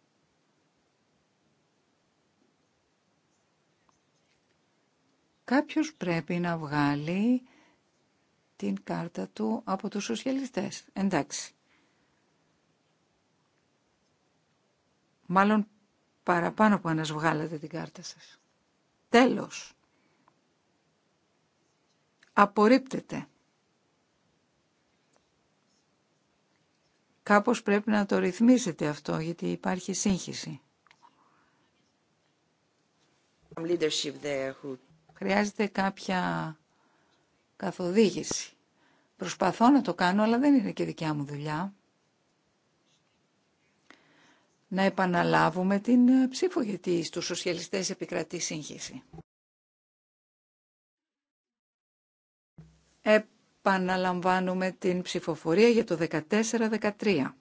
Κάποιος πρέπει να βγάλει την κάρτα του από τους σοσιαλιστές. Εντάξει. Μάλλον παραπάνω που ένας βγάλατε την κάρτα σας. Τέλος. Απορρίπτεται. Κάπως πρέπει να το ρυθμίσετε αυτό, γιατί υπάρχει σύγχυση. Χρειάζεται κάποια καθοδήγηση. Προσπαθώ να το κάνω, αλλά δεν είναι και δικιά μου δουλειά. Να επαναλάβουμε την ε, ψήφο, γιατί στους σοσιαλιστές επικρατεί σύγχυση. Επαναλαμβάνουμε την ψηφοφορία για το 14-13.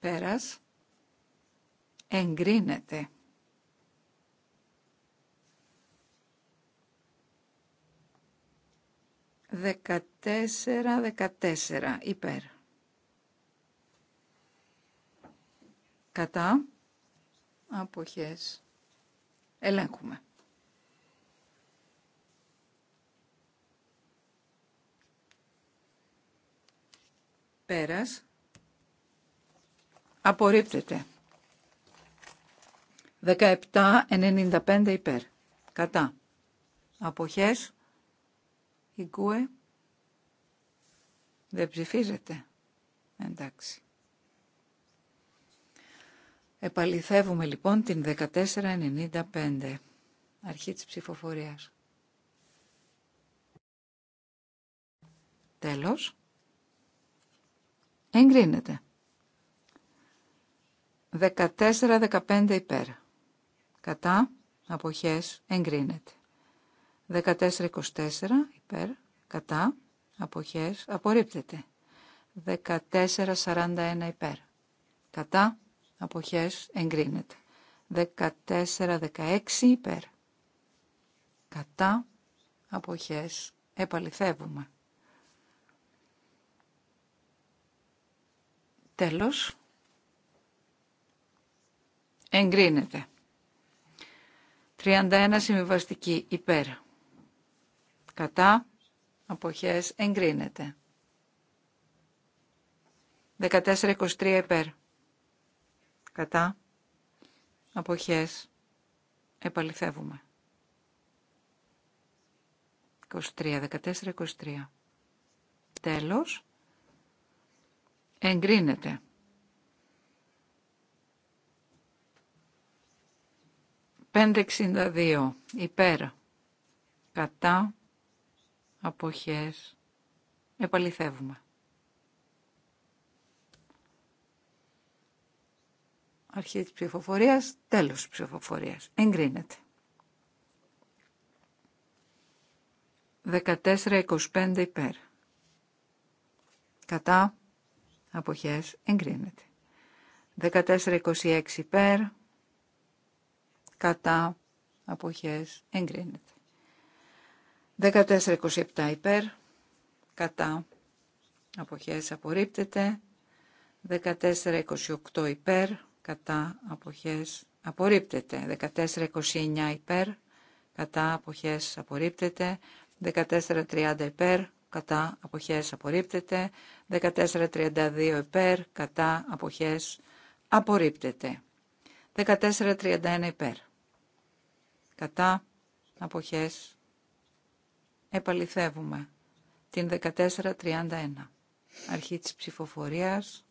Πέρας εγκρίνεται. Δεκατέσσερα, δεκατέσσερα, υπέρ. Κατά, αποχές, ελέγχουμε. Πέρας, απορρίπτεται. 17.95 υπέρ. Κατά. Αποχές. Η δεν ψηφίζεται. Εντάξει. Επαληθεύουμε λοιπόν την 1495. Αρχή της ψηφοφορίας. Τέλος. Εγκρίνεται. 14-15 υπέρ κατά, αποχές, εγκρίνεται. 14-24 υπέρ, κατά, αποχές, 1441 υπέρ, κατά, αποχές, εγκρίνεται. 14-16 υπέρ, κατά, αποχές, επαληθεύουμε. Τέλος, εγκρίνεται. 31 συμβιβαστική υπέρ. Κατά αποχές εγκρίνεται. 14-23 υπέρ. Κατά αποχές επαληθεύουμε. 23, 14, 23. Τέλος. Εγκρίνεται. 562 υπέρ κατά αποχές επαληθεύουμε. Αρχή της ψηφοφορίας, τέλος της ψηφοφορίας. Εγκρίνεται. υπέρ. Κατά αποχές 1426 υπέρ κατά αποχές εγκρίνεται. 1427 υπέρ κατά αποχές απορρίπτεται. 1428 υπέρ κατά αποχές απορρίπτεται. 1429 υπέρ κατά αποχές απορρίπτεται. 1430 υπέρ κατά αποχές απορρίπτεται. 1432 υπέρ κατά αποχές απορρίπτεται. 1431 υπέρ κατά, αποχές, επαληθεύουμε την 1431. Αρχή της ψηφοφορίας,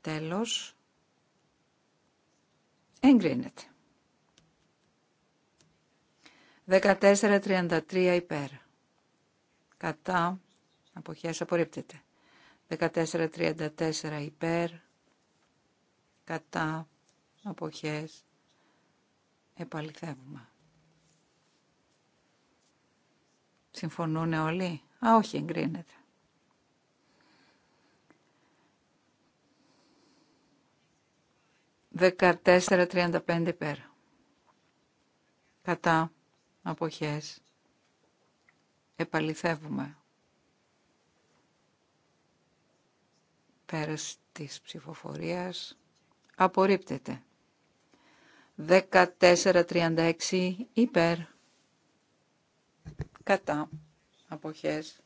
τέλος, εγκρίνεται. 1433 υπέρ, κατά, αποχές, απορρίπτεται. 1434 υπέρ, κατά, αποχές, Επαληθεύουμε. Συμφωνούν όλοι. Α, όχι, εγκρίνεται. Δεκατέσσερα τριάντα πέρα. Κατά αποχές. Επαληθεύουμε. Πέρας της ψηφοφορίας. Απορρίπτεται. 1436 υπέρ. Κατά. Αποχές.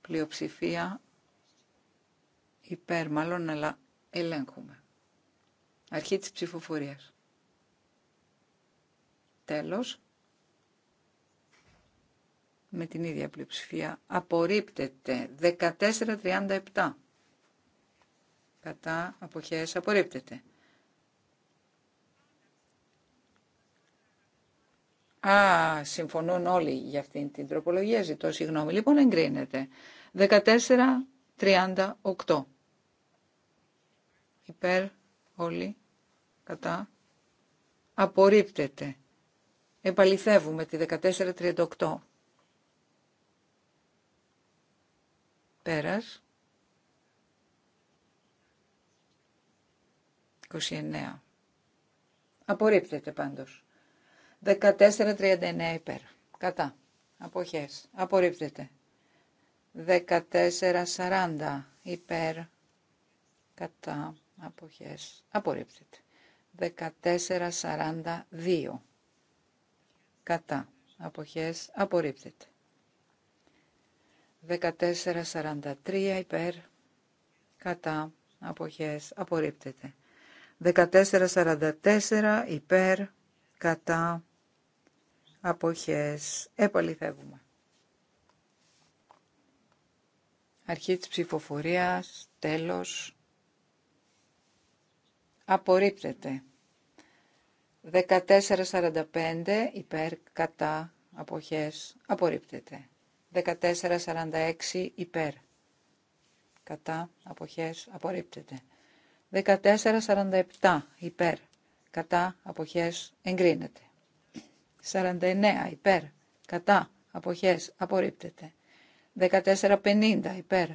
Πλειοψηφία. Υπέρ μάλλον, αλλά ελέγχουμε. Αρχή της ψηφοφορίας. Τέλος. Με την ίδια πλειοψηφία. Απορρίπτεται. 1437. Κατά αποχές απορρίπτεται. Α, συμφωνούν όλοι για αυτήν την τροπολογία, ζητώ συγγνώμη. Λοιπόν, εγκρίνεται. 14.38. Υπέρ, όλοι, κατά. Απορρίπτεται. Επαληθεύουμε τη 14.38. Πέρας. 29. Απορρίπτεται πάντως. 14.39 υπέρ. Κατά. Αποχές. Απορρίπτεται. 14.40 υπέρ. Κατά. Αποχές. Απορρίπτεται. 14.42 κατά. Αποχές απορρίπτεται. 14.43 υπέρ κατά. Αποχές απορρίπτεται. 14.44 υπέρ κατά αποχές. Επαληθεύουμε. Αρχή της ψηφοφορίας, τέλος. Απορρίπτεται. 14.45 υπέρ κατά αποχές. Απορρίπτεται. 14.46 υπέρ κατά αποχές. Απορρίπτεται. 14.47 υπέρ κατά αποχές. Εγκρίνεται. 49 υπέρ, κατά, αποχές, απορρίπτεται. 14.50 υπέρ,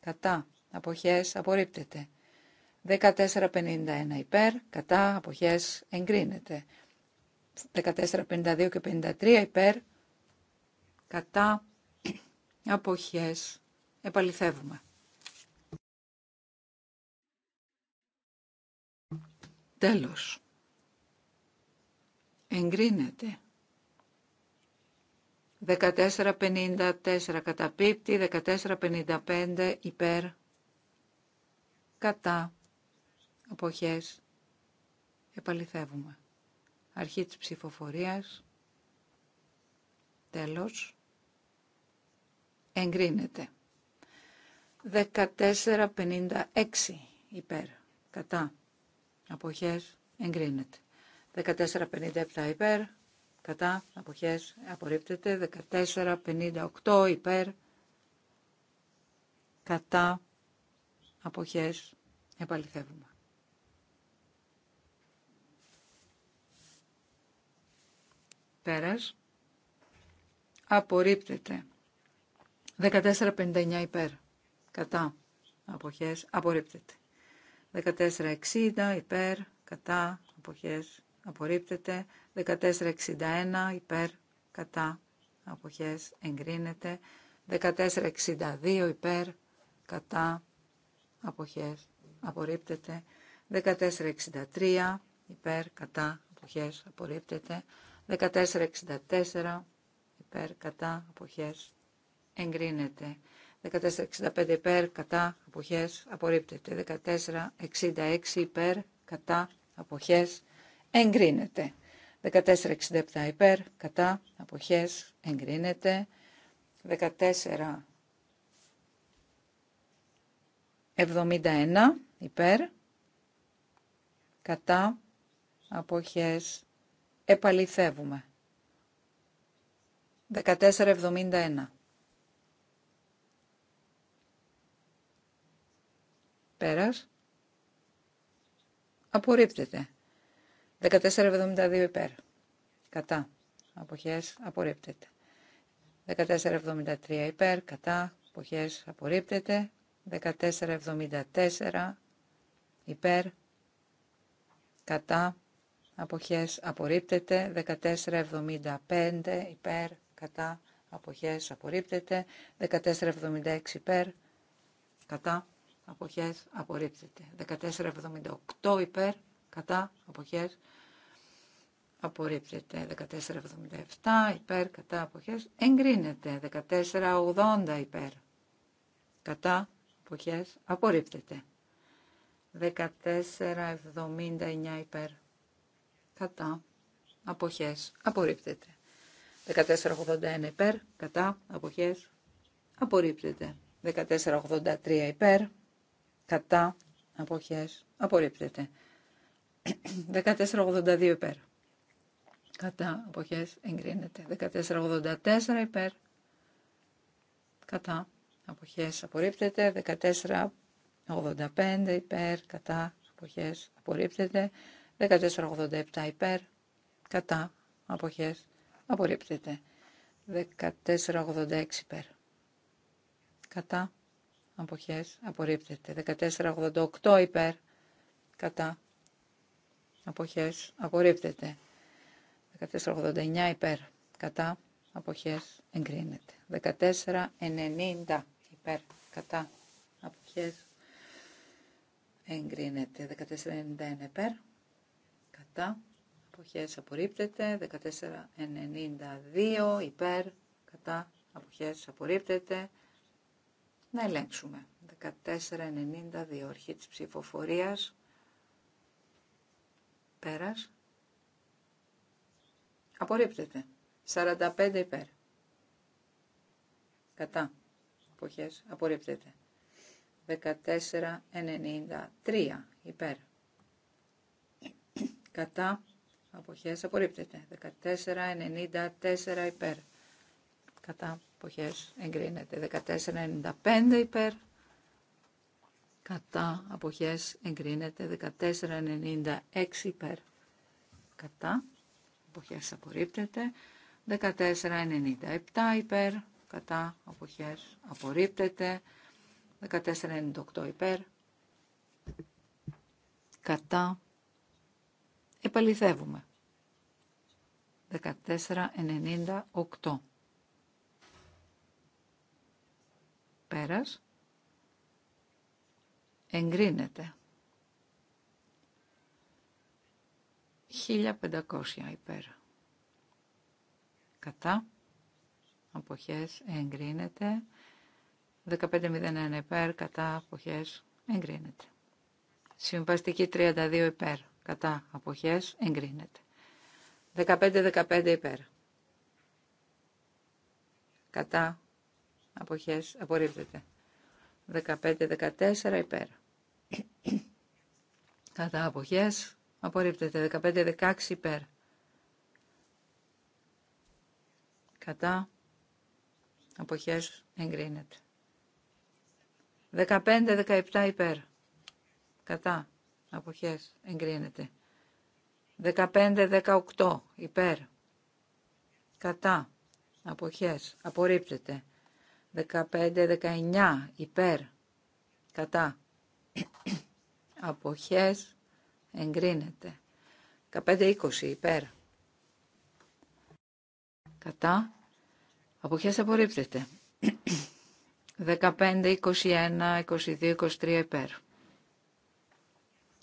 κατά, αποχές, απορρίπτεται. 14.51 υπέρ, κατά, αποχές, εγκρίνεται. 14.52 και 53 υπέρ, κατά, αποχές, επαληθεύουμε. Τέλος εγκρίνεται. 1454 καταπίπτει, 1455 υπέρ, κατά, αποχές, επαληθεύουμε. Αρχή της ψηφοφορίας, τέλος, εγκρίνεται. 1456 υπέρ, κατά, αποχές, εγκρίνεται. 14.57 υπέρ, κατά, αποχές, απορρίπτεται. 14.58 υπέρ, κατά, αποχές, επαληθεύουμε. Πέρας, απορρίπτεται. 14.59 υπέρ, κατά, αποχές, απορρίπτεται. 14.60 υπέρ, κατά, αποχές, απορρίπτεται. 1461 υπέρ κατά αποχές εγκρίνεται. 1462 υπέρ κατά αποχές απορρίπτεται. 1463 υπέρ κατά αποχές απορρίπτεται. 1464 υπέρ κατά αποχές εγκρίνεται. 1465 υπέρ κατά αποχές απορρίπτεται. 1466 υπέρ κατά αποχές εγκρίνεται. 1467 υπέρ, κατά, αποχές, εγκρίνεται. 1471 υπέρ, κατά, αποχές, επαληθεύουμε. 1471 Πέρας. Απορρίπτεται. 1472 υπέρ. Κατά. Αποχές απορρίπτεται. 1473 υπέρ. Κατά. Αποχές απορρίπτεται. 1474 υπέρ. Κατά. Αποχές απορρίπτεται. 1475 υπέρ. Κατά. Αποχές απορρίπτεται. 1476 υπέρ. Κατά. Αποχές απορρίπτεται. 1478 υπέρ κατά, αποχές, απορρίπτεται. 1477 υπέρ, κατά, αποχές, εγκρίνεται. 1480 υπέρ, κατά, αποχές, απορρίπτεται. 1479 υπέρ, κατά, αποχές, απορρίπτεται. 1481 υπέρ, κατά, αποχές, απορρίπτεται. 1483 υπέρ, κατά, αποχές, απορρίπτεται. 1482 υπέρ. Κατά αποχές εγκρίνεται. 1484 υπέρ. Κατά αποχές απορρίπτεται. 1485 υπέρ. Κατά αποχές απορρίπτεται. 1487 υπέρ. Κατά αποχές απορρίπτεται. 1486 υπέρ. Κατά αποχές απορρίπτεται. 1488 υπέρ. Κατά αποχές απορρίπτεται. 1489 υπέρ κατά αποχές εγκρίνεται. 1490 υπέρ κατά αποχές εγκρίνεται. 1491 υπέρ κατά αποχές απορρίπτεται. 1492 υπέρ κατά αποχές απορρίπτεται. Να ελέγξουμε. 1492 αρχή της ψηφοφορίας Πέρας. Απορρίπτεται. 45 υπέρ. Κατά. Αποχές. Απορρίπτεται. 14.93 υπέρ. Κατά. Αποχές. Απορρίπτεται. 14.94 υπέρ. Κατά. Αποχές. Εγκρίνεται. 14.95 υπέρ κατά αποχές εγκρίνεται 1496 υπέρ κατά αποχές απορρίπτεται 1497 υπέρ κατά αποχές απορρίπτεται 1498 υπέρ κατά επαληθεύουμε 1498 πέρας Εγκρίνεται. 1500 υπέρ. Κατά. Αποχές εγκρίνεται. 1501 υπέρ. Κατά. Αποχές εγκρίνεται. Συμβαστική 32 υπέρ. Κατά. Αποχές 1515 15-15 υπέρ. Κατά. Αποχές απορρίπτεται. 15-14 υπέρ. Κατά αποχές απορρίπτεται 15-16 υπέρ. Κατά αποχές εγκρίνεται. 15-17 υπέρ. Κατά αποχές εγκρίνεται. 15-18 υπέρ. Κατά αποχές απορρίπτεται. 15-19 υπέρ. Κατά αποχές εγκρίνεται. 15-20 υπέρ. Κατά. Αποχές απορρίπτεται. 15, 21, 22, 23 υπέρ.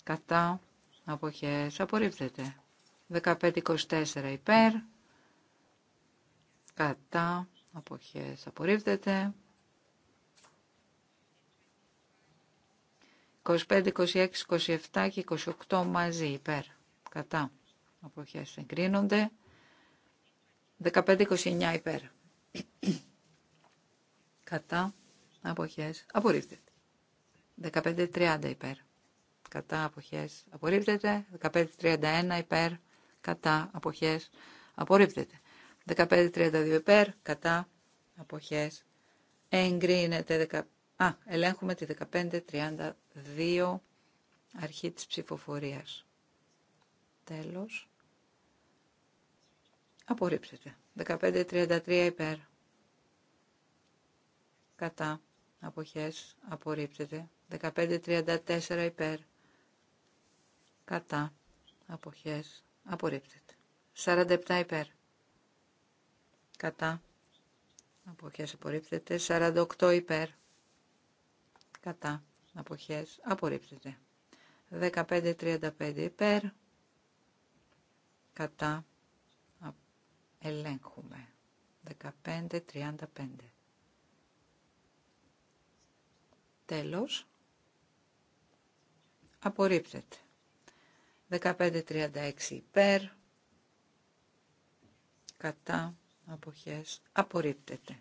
Κατά. Αποχές απορρίπτεται. 15, 24 υπέρ. Κατά. Αποχές απορρίπτεται. 25, 26, 27 και 28 μαζί υπέρ. Κατά. Αποχές εγκρίνονται. 15, 29 υπέρ. Κατά. Αποχές. Απορρίφτεται. 15, 30 υπέρ. Κατά. Αποχές. Απορρίφτεται. 15, 31 υπέρ. Κατά. Αποχές. Απορρίφτεται. 15, 32 υπέρ. Κατά. Αποχές. Εγκρίνεται. Α, ελέγχουμε τη 1532 αρχή της ψηφοφορίας. Τέλος. Απορρίψετε. 1533 υπέρ. Κατά. Αποχές. Απορρίψετε. 1534 υπέρ. Κατά. Αποχές. απορρίψετε. 47 υπέρ. Κατά. Αποχές απορρίψετε. 48 υπέρ κατά αποχές απορρίπτεται. 15.35 υπέρ κατά ελέγχουμε. 15.35 Τέλος απορρίπτεται. 15.36 υπέρ κατά αποχές απορρίπτεται.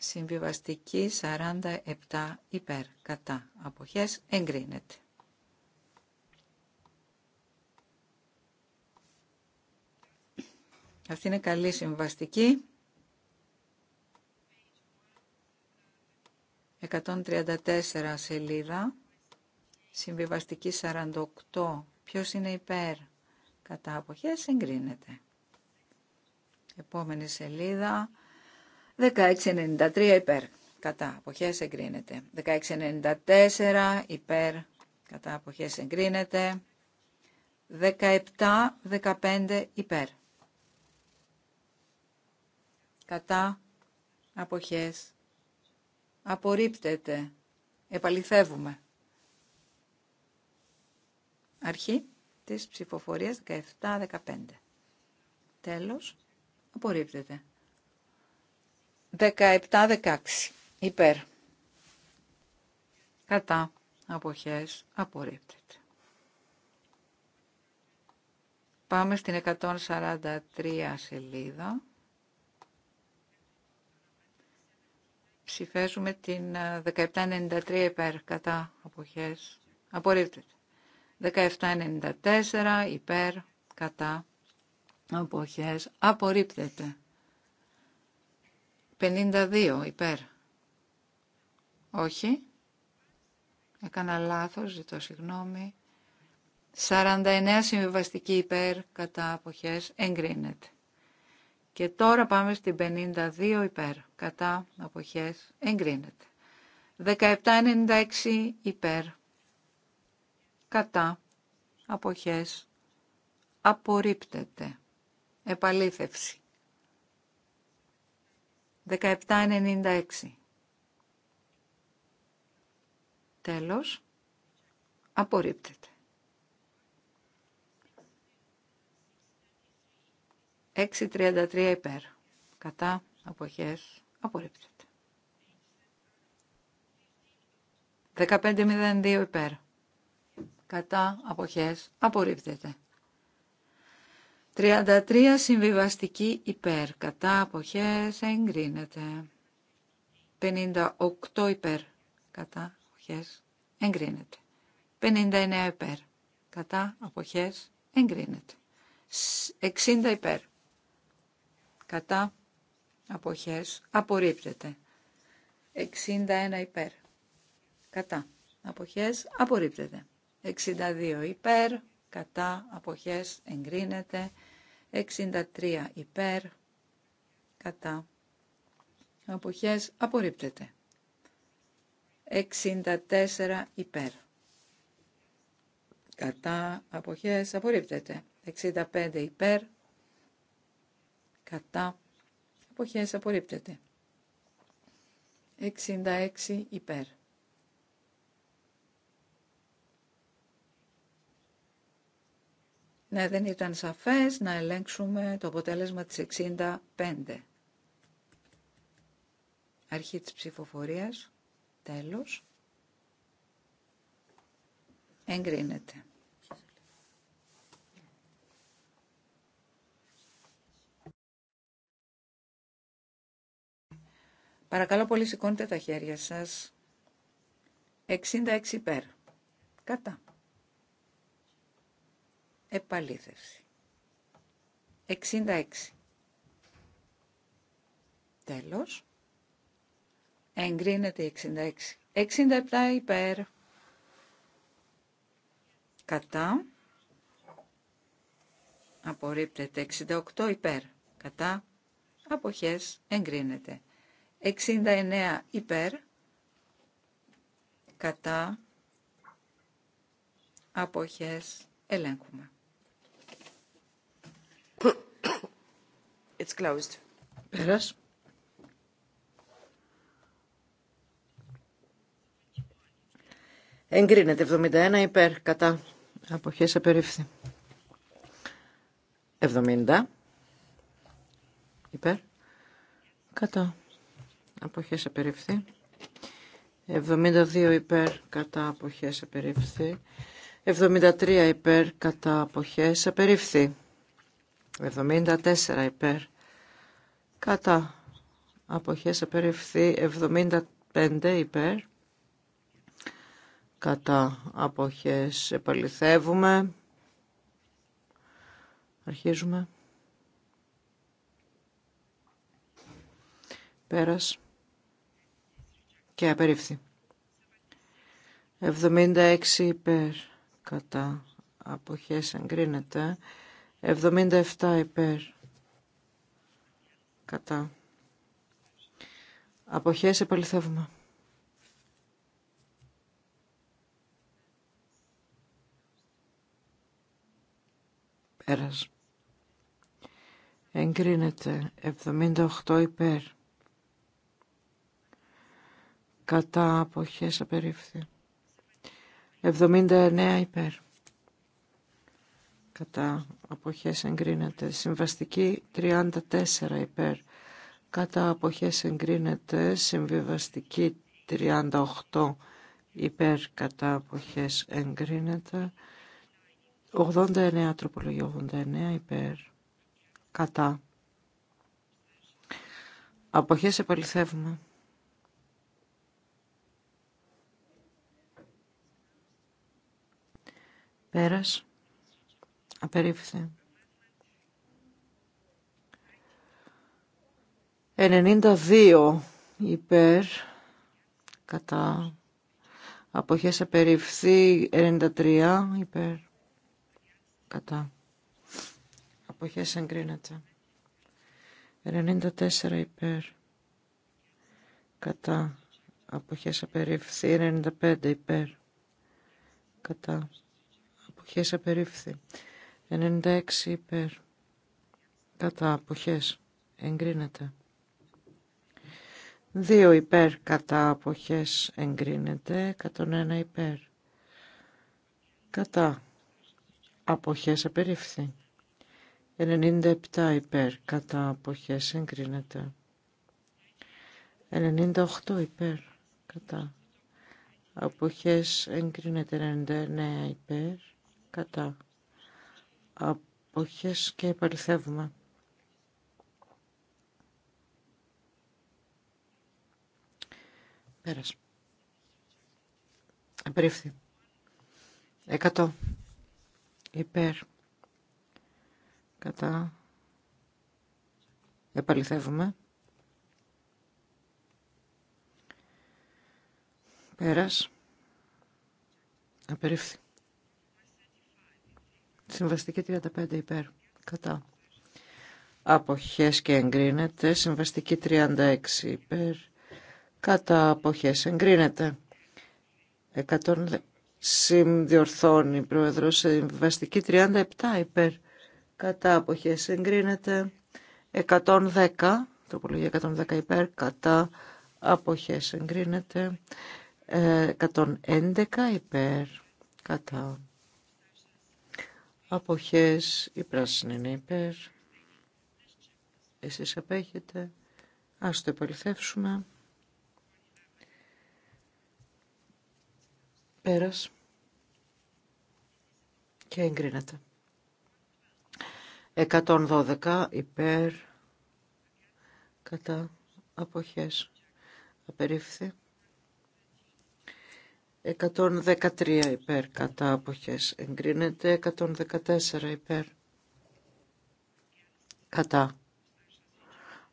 Συμβιβαστική 47 υπέρ. Κατά. Αποχές εγκρίνεται. Αυτή είναι καλή συμβιβαστική. 134 σελίδα. Συμβιβαστική 48. Ποιος είναι υπέρ. Κατά αποχές εγκρίνεται. Επόμενη σελίδα. 1693 υπέρ. Κατά αποχές εγκρίνεται. 1694 υπέρ. Κατά αποχές 1715 υπέρ. Κατά αποχές απορρίπτεται. Επαληθεύουμε. Αρχή της ψηφοφοριας 1715. 17-15. Τέλος. Απορρίπτεται. 17-16 υπέρ. Κατά αποχές απορρίπτεται. Πάμε στην 143 σελίδα. Ψηφέσουμε την 1793 ε, υπέρ κατά αποχές. Απορρίπτεται. 1794 υπέρ κατά αποχές. Απορρίπτεται. 52 υπέρ. Όχι. Έκανα λάθος, ζητώ συγγνώμη. 49 συμβιβαστική υπέρ κατά αποχές εγκρίνεται. Και τώρα πάμε στην 52 υπέρ κατά αποχές εγκρίνεται. 1796 υπέρ κατά αποχές απορρίπτεται. Επαλήθευση. 1796. Τέλος. Απορρίπτεται. 6.33 υπέρ. Κατά αποχές απορρίπτεται. 15.02 υπέρ. Κατά αποχές απορρίπτεται. 33 συμβιβαστική υπέρ. Κατά αποχές εγκρίνεται. 58 υπέρ. Κατά αποχές εγκρίνεται. 59 υπέρ. Κατά αποχές εγκρίνεται. 60 υπέρ. Κατά αποχές απορρίπτεται. 61 υπέρ. Κατά αποχές απορρίπτεται. 62 υπέρ. Κατά αποχές εγκρίνεται. 63 υπέρ, κατά, αποχές απορρίπτεται. 64 υπέρ, κατά, αποχές απορρίπτεται. 65 υπέρ, κατά, αποχές απορρίπτεται. 66 υπέρ, Ναι, δεν ήταν σαφές να ελέγξουμε το αποτέλεσμα της 65. Αρχή της ψηφοφορίας. Τέλος. Εγκρίνεται. Παρακαλώ πολύ σηκώνετε τα χέρια σας. 66 υπέρ. Κατά επαλήθευση. 66. Τέλος. Εγκρίνεται 66. 67 υπέρ. Κατά. Απορρίπτεται 68 υπέρ. Κατά. Αποχές. Εγκρίνεται. 69 υπέρ. Κατά. Αποχές. Ελέγχουμε. It's closed. Εγκρίνεται 71 υπέρ κατά αποχές απερίφθη. 70 υπέρ κατά αποχές απερίφθη. 72 υπέρ κατά αποχές απερίφθη. 73 υπέρ κατά αποχές απερίφθη. 74 υπέρ κατά αποχές απεριφθεί 75 υπέρ κατά αποχές επαληθεύουμε αρχίζουμε πέρας και απερίφθη 76 υπέρ κατά αποχές εγκρίνεται 77 υπέρ. Κατά. Αποχές επαληθεύουμε. Πέρας. Εγκρίνεται 78 υπέρ. Κατά αποχές απερίφθη. 79 υπέρ κατά αποχές εγκρίνεται. Συμβαστική 34 υπέρ κατά αποχές εγκρίνεται. Συμβιβαστική 38 υπέρ κατά αποχές εγκρίνεται. 89 τροπολογία 89 υπέρ κατά αποχές επαληθεύουμε. Πέρας. Απερίφθη. 92 υπέρ κατά αποχές απεριφθεί 93 υπέρ κατά αποχές εγκρίνεται 94 υπέρ κατά αποχές απερίφθη 95 υπέρ κατά αποχές απεριφθεί 96 υπέρ. Κατά αποχές εγκρίνεται. 2 υπέρ κατά αποχές εγκρίνεται. 101 υπέρ. Κατά αποχές απερίφθη. 97 υπέρ κατά αποχές εγκρίνεται. 98 υπέρ κατά αποχές εγκρίνεται. 99 υπέρ κατά αποχές και επαληθεύουμε. Πέρας. Απερίφθη. Εκατό. Υπέρ. Κατά. Επαληθεύουμε. Πέρας. Απερίφθη. Συμβαστική 35 υπέρ. Κατά. Αποχές και εγκρίνεται. Συμβαστική 36 υπέρ. Κατά αποχές εγκρίνεται. 100... Συμδιορθώνει Πρόεδρος. Συμβαστική 37 υπέρ. Κατά αποχές εγκρίνεται. 110. Τροπολογία 110 υπέρ. Κατά αποχές εγκρίνεται. 111 ε, υπέρ. Κατά Αποχές, η πράσινη είναι υπέρ. Εσείς απέχετε. Ας το επαληθεύσουμε. Πέρας. Και εγκρίνεται. 112 υπέρ κατά αποχές. Απερίφθη. 113 υπέρ κατά αποχές εγκρίνεται 114 υπέρ κατά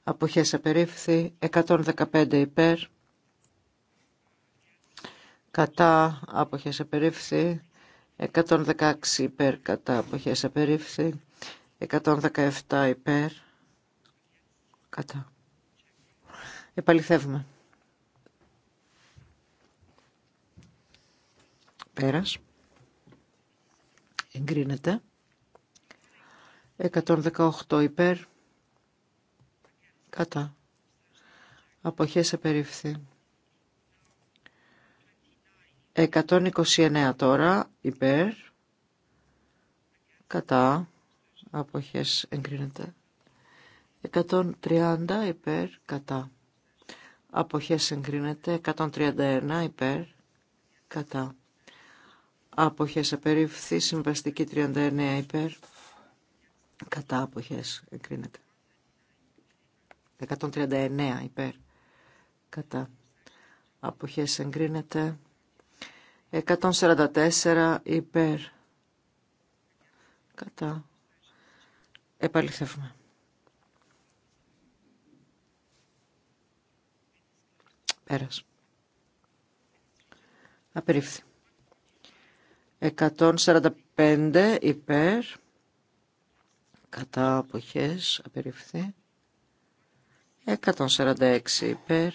αποχές απερίφθη 115 υπέρ κατά αποχές απερίφθη 116 υπέρ κατά αποχές απερίφθη 117 υπέρ κατά επαληθεύουμε Πέρας. Εγκρίνεται. 118 υπέρ. Κατά. Αποχές απερίφθη. 129 τώρα υπέρ. Κατά. Αποχές εγκρίνεται. 130 υπέρ. Κατά. Αποχές εγκρίνεται. 131 υπέρ. Κατά αποχές απερίφθη, συμβαστική 39 υπέρ, κατά αποχές εγκρίνεται. 139 υπέρ, κατά αποχές εγκρίνεται. 144 υπέρ, κατά επαληθεύουμε. Πέρας. Απερίφθη. 145 υπέρ κατά αποχές απεριφθεί 146 υπέρ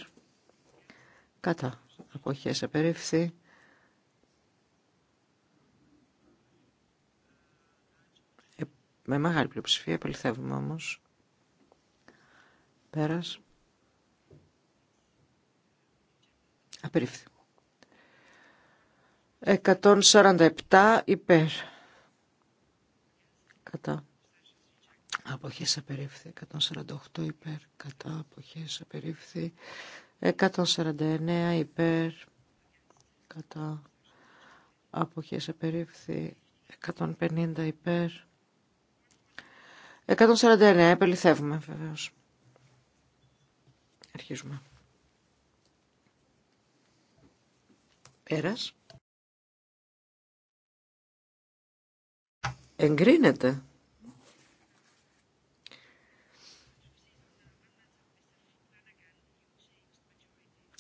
κατά αποχές απεριφθεί ε, με μεγάλη πλειοψηφία επελθεύουμε όμως πέρας απερίφθη 147 υπέρ. Κατά. Αποχές απερίφθη. 148 υπέρ. Κατά. Αποχές απερίφθη. 149 υπέρ. Κατά. Αποχές απερίφθη. 150 υπέρ. 149. Επεληθεύουμε βεβαίως. Αρχίζουμε. Πέρας. Εγκρίνεται.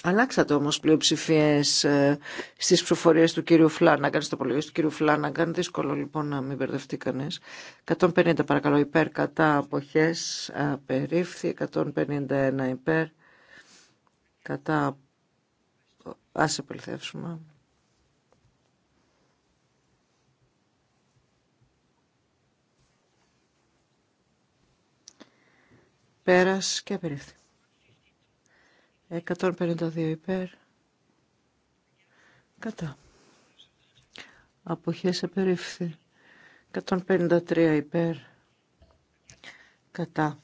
Αλλάξατε όμως πλειοψηφίες ε, στις ψηφοφορίες του κύριου Φλάνναγκαν, στο απολογίες του κύριου Φλάνναγκαν. Δύσκολο λοιπόν να μην μπερδευτεί κανείς. 150 παρακαλώ υπέρ κατά αποχές, απερίφθη. 151 υπέρ κατά... Ας επελθεύσουμε. πέρας και απερίφθη. 152 υπέρ. Κατά. Αποχές απερίφθη. 153 υπέρ. Κατά.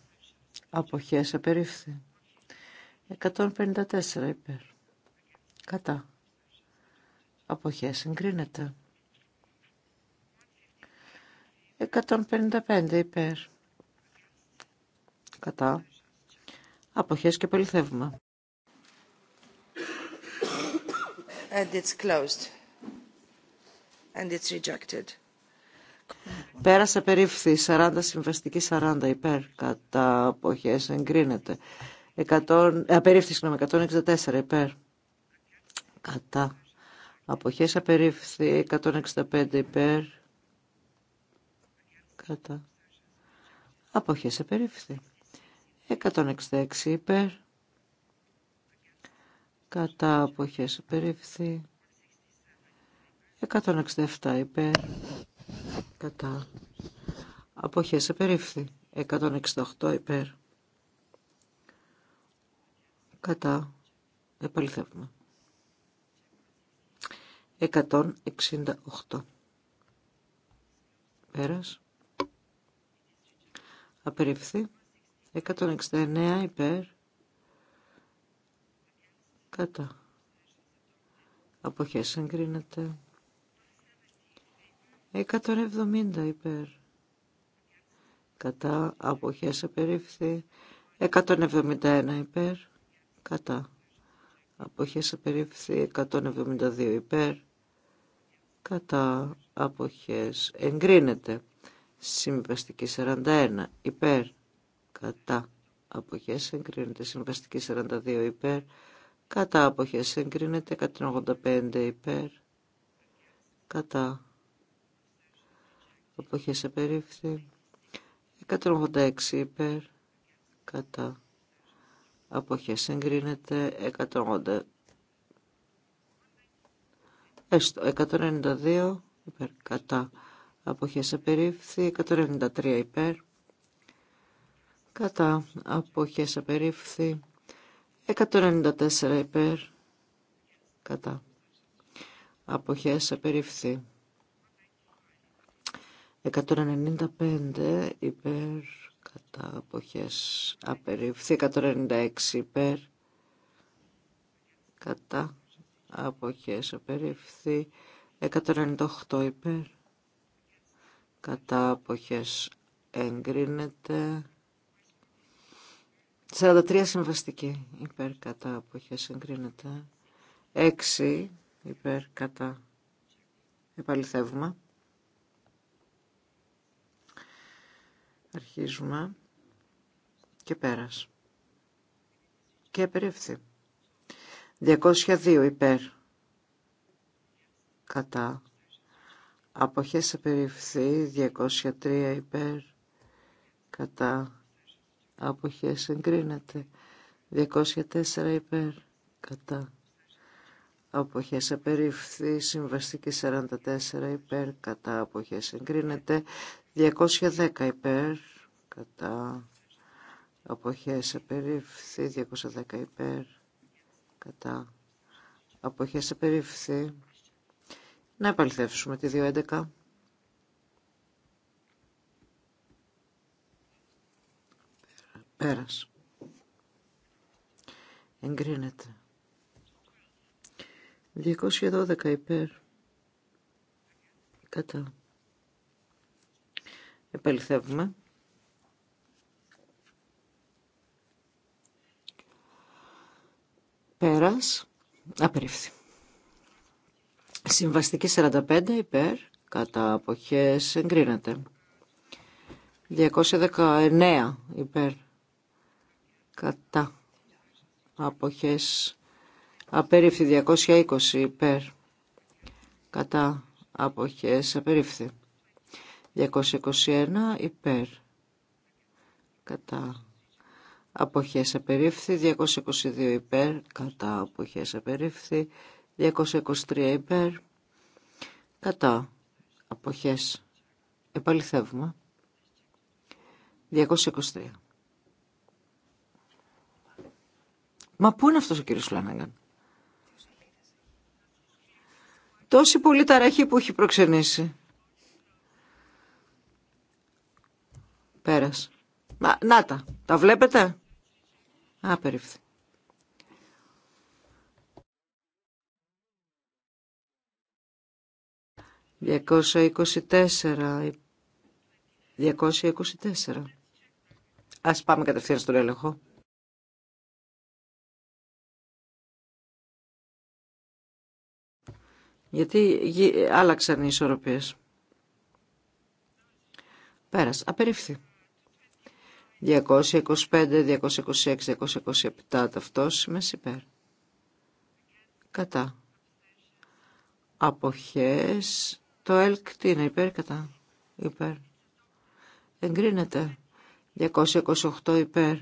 Αποχές απερίφθη. 154 υπέρ. Κατά. Αποχές συγκρίνεται. 155 υπέρ κατά, αποχές και επαληθεύουμε. And it's closed. And it's rejected. Πέρασε περίφθη 40 συμβαστική 40 υπέρ κατά αποχές εγκρίνεται. απερίφθη, 164 υπέρ κατά αποχές απερίφθη 165 υπέρ κατά αποχές απερίφθη 166 υπέρ. Κατά αποχές υπερήφθη. 167 υπέρ. Κατά αποχές απερίφθη. 168 υπέρ. Κατά επαληθεύουμε. 168 πέρας απερίφθη 169 υπέρ κατά αποχές εγκρίνεται 170 υπέρ κατά αποχές απερίφθη 171 υπέρ κατά αποχές απερίφθη 172 υπέρ κατά αποχές εγκρίνεται συμβαστική 41 υπέρ κατά αποχές εγκρίνεται. Συμβαστική 42 υπέρ, κατά αποχές εγκρίνεται. 185 υπέρ, κατά αποχές απερίφθη. 186 υπέρ, κατά αποχές εγκρίνεται. 180 έστω 192 υπέρ κατά αποχές απερίφθη 193 υπέρ κατά αποχές απερίφθη 194 υπέρ κατά αποχές απερίφθη 195 υπέρ κατά αποχές απερίφθη 196 υπέρ κατά αποχές απερίφθη 198 υπέρ κατά αποχές εγκρίνεται 43 συμβαστική υπέρ κατά αποχές συγκρίνεται. 6 υπέρ κατά επαληθεύουμε. Αρχίζουμε και πέρας. Και απερίφθη. 202 υπέρ κατά αποχές απερίφθη. 203 υπέρ κατά αποχές εγκρίνεται 204 υπέρ κατά αποχές απερίφθη συμβαστική 44 υπέρ κατά Αποχέ εγκρίνεται 210 υπέρ κατά αποχές απερίφθη 210 υπέρ κατά αποχές απερίφθη να επαληθεύσουμε τη 211 Πέρας. Εγκρίνεται. 212 υπέρ. Κατά. Επαληθεύουμε. Πέρας. Απερίφθη. Συμβαστική 45 υπέρ. Κατά αποχές εγκρίνεται. 219 υπέρ κατά αποχές απερίφθη 220 υπέρ κατά αποχές απερίφθη 221 υπέρ κατά αποχές απερίφθη 222 υπέρ κατά αποχές απερίφθη 223 υπέρ κατά αποχές επαληθεύουμε 223 Μα πού είναι αυτός ο κύριος Φλάναγκαν. Τόση πολύ ταραχή που έχει προξενήσει. Πέρας. Να, τα. Τα βλέπετε. Απερίφθη. Διακόσια 224. Ας πάμε κατευθείαν στον έλεγχο. Γιατί άλλαξαν οι ισορροπίες. Πέρασε. Απερίφθη. 225, 226, 227 ταυτόσημες υπέρ. Κατά. Αποχές. Το ΕΛΚ τι είναι υπέρ κατά. Υπέρ. Εγκρίνεται. 228 υπέρ.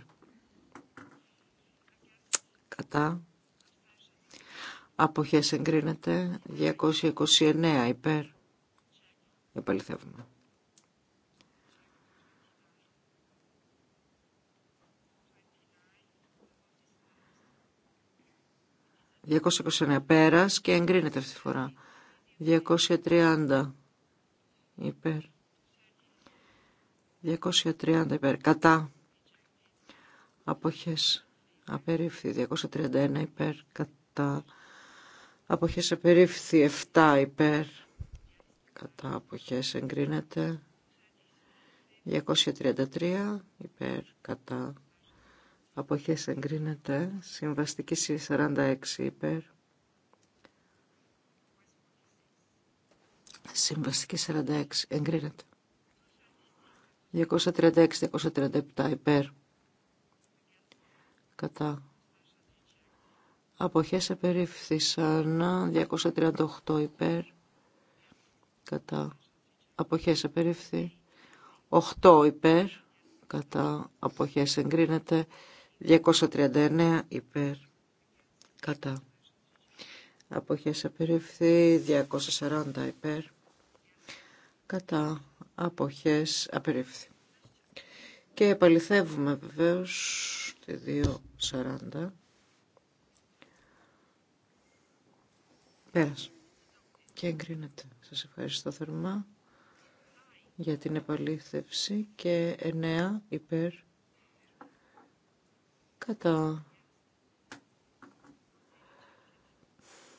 Κατά. Αποχές εγκρίνεται. 229 υπέρ. Επαληθεύουμε. ...229 πέρας και εγκρίνεται αυτή τη φορά. 230 υπέρ. 230 υπέρ. Κατά. Αποχές. Απερίφθη. 231 υπέρ. Κατά Αποχές απερίφθη 7 υπέρ. Κατά αποχές εγκρίνεται. 233 υπέρ. Κατά αποχές εγκρίνεται. Συμβαστική 46 υπέρ. Συμβαστική 46 εγκρίνεται. 236-237 υπέρ. Κατά Αποχές απερίφθησαν 238 υπέρ κατά αποχές απερίφθη 8 υπέρ κατά αποχές εγκρίνεται 239 υπέρ κατά αποχές απερίφθη 240 υπέρ κατά αποχές απερίφθη και επαληθεύουμε βεβαίως τη 240 Πέρας. Και εγκρίνεται. Σας ευχαριστώ θερμά για την επαλήθευση και εννέα υπέρ κατά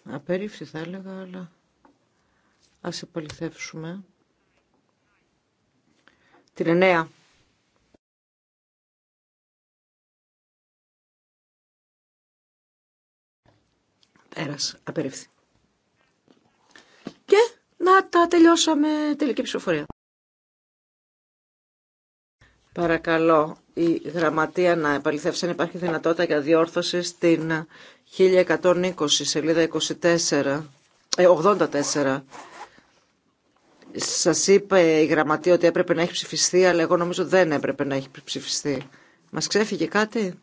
απερίφθη θα έλεγα αλλά ας επαληθεύσουμε την εννέα. Πέρας, απερίφθη. Και να τα τελειώσαμε τελική ψηφοφορία. Παρακαλώ η γραμματεία να επαληθεύσει αν υπάρχει δυνατότητα για διόρθωση στην 1120 σελίδα 24, 84. Σα είπε η γραμματεία ότι έπρεπε να έχει ψηφιστεί, αλλά εγώ νομίζω δεν έπρεπε να έχει ψηφιστεί. Μας ξέφυγε κάτι?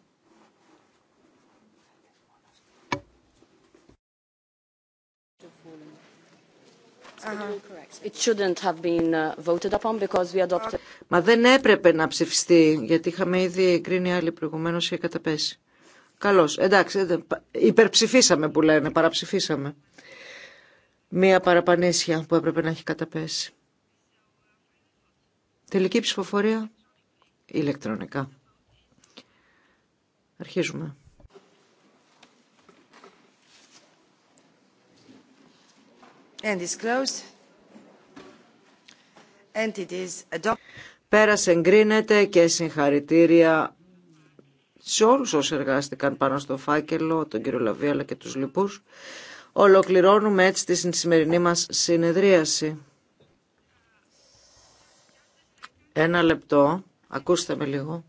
Uh, Μα δεν έπρεπε να ψηφιστεί, γιατί είχαμε ήδη εγκρίνει άλλη προηγουμένω και καταπέσει. Καλώ. Εντάξει, υπερψηφίσαμε που λένε, παραψηφίσαμε. Μία παραπανήσια που έπρεπε να έχει καταπέσει. Τελική ψηφοφορία ηλεκτρονικά. Αρχίζουμε. And εγκρίνεται και συγχαρητήρια σε όλους όσοι εργάστηκαν πάνω στο φάκελο, τον κύριο αλλά και τους λοιπούς. Ολοκληρώνουμε έτσι τη σημερινή μας συνεδρίαση. Ένα λεπτό, ακούστε με λίγο.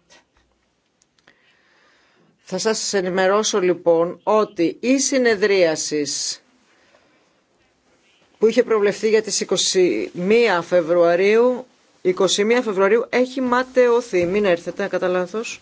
Θα σας ενημερώσω λοιπόν ότι η συνεδρίασης που είχε προβλεφθεί για τις 21 Φεβρουαρίου, 21 Φεβρουαρίου έχει ματαιωθεί. Μην έρθετε, κατά λάθος.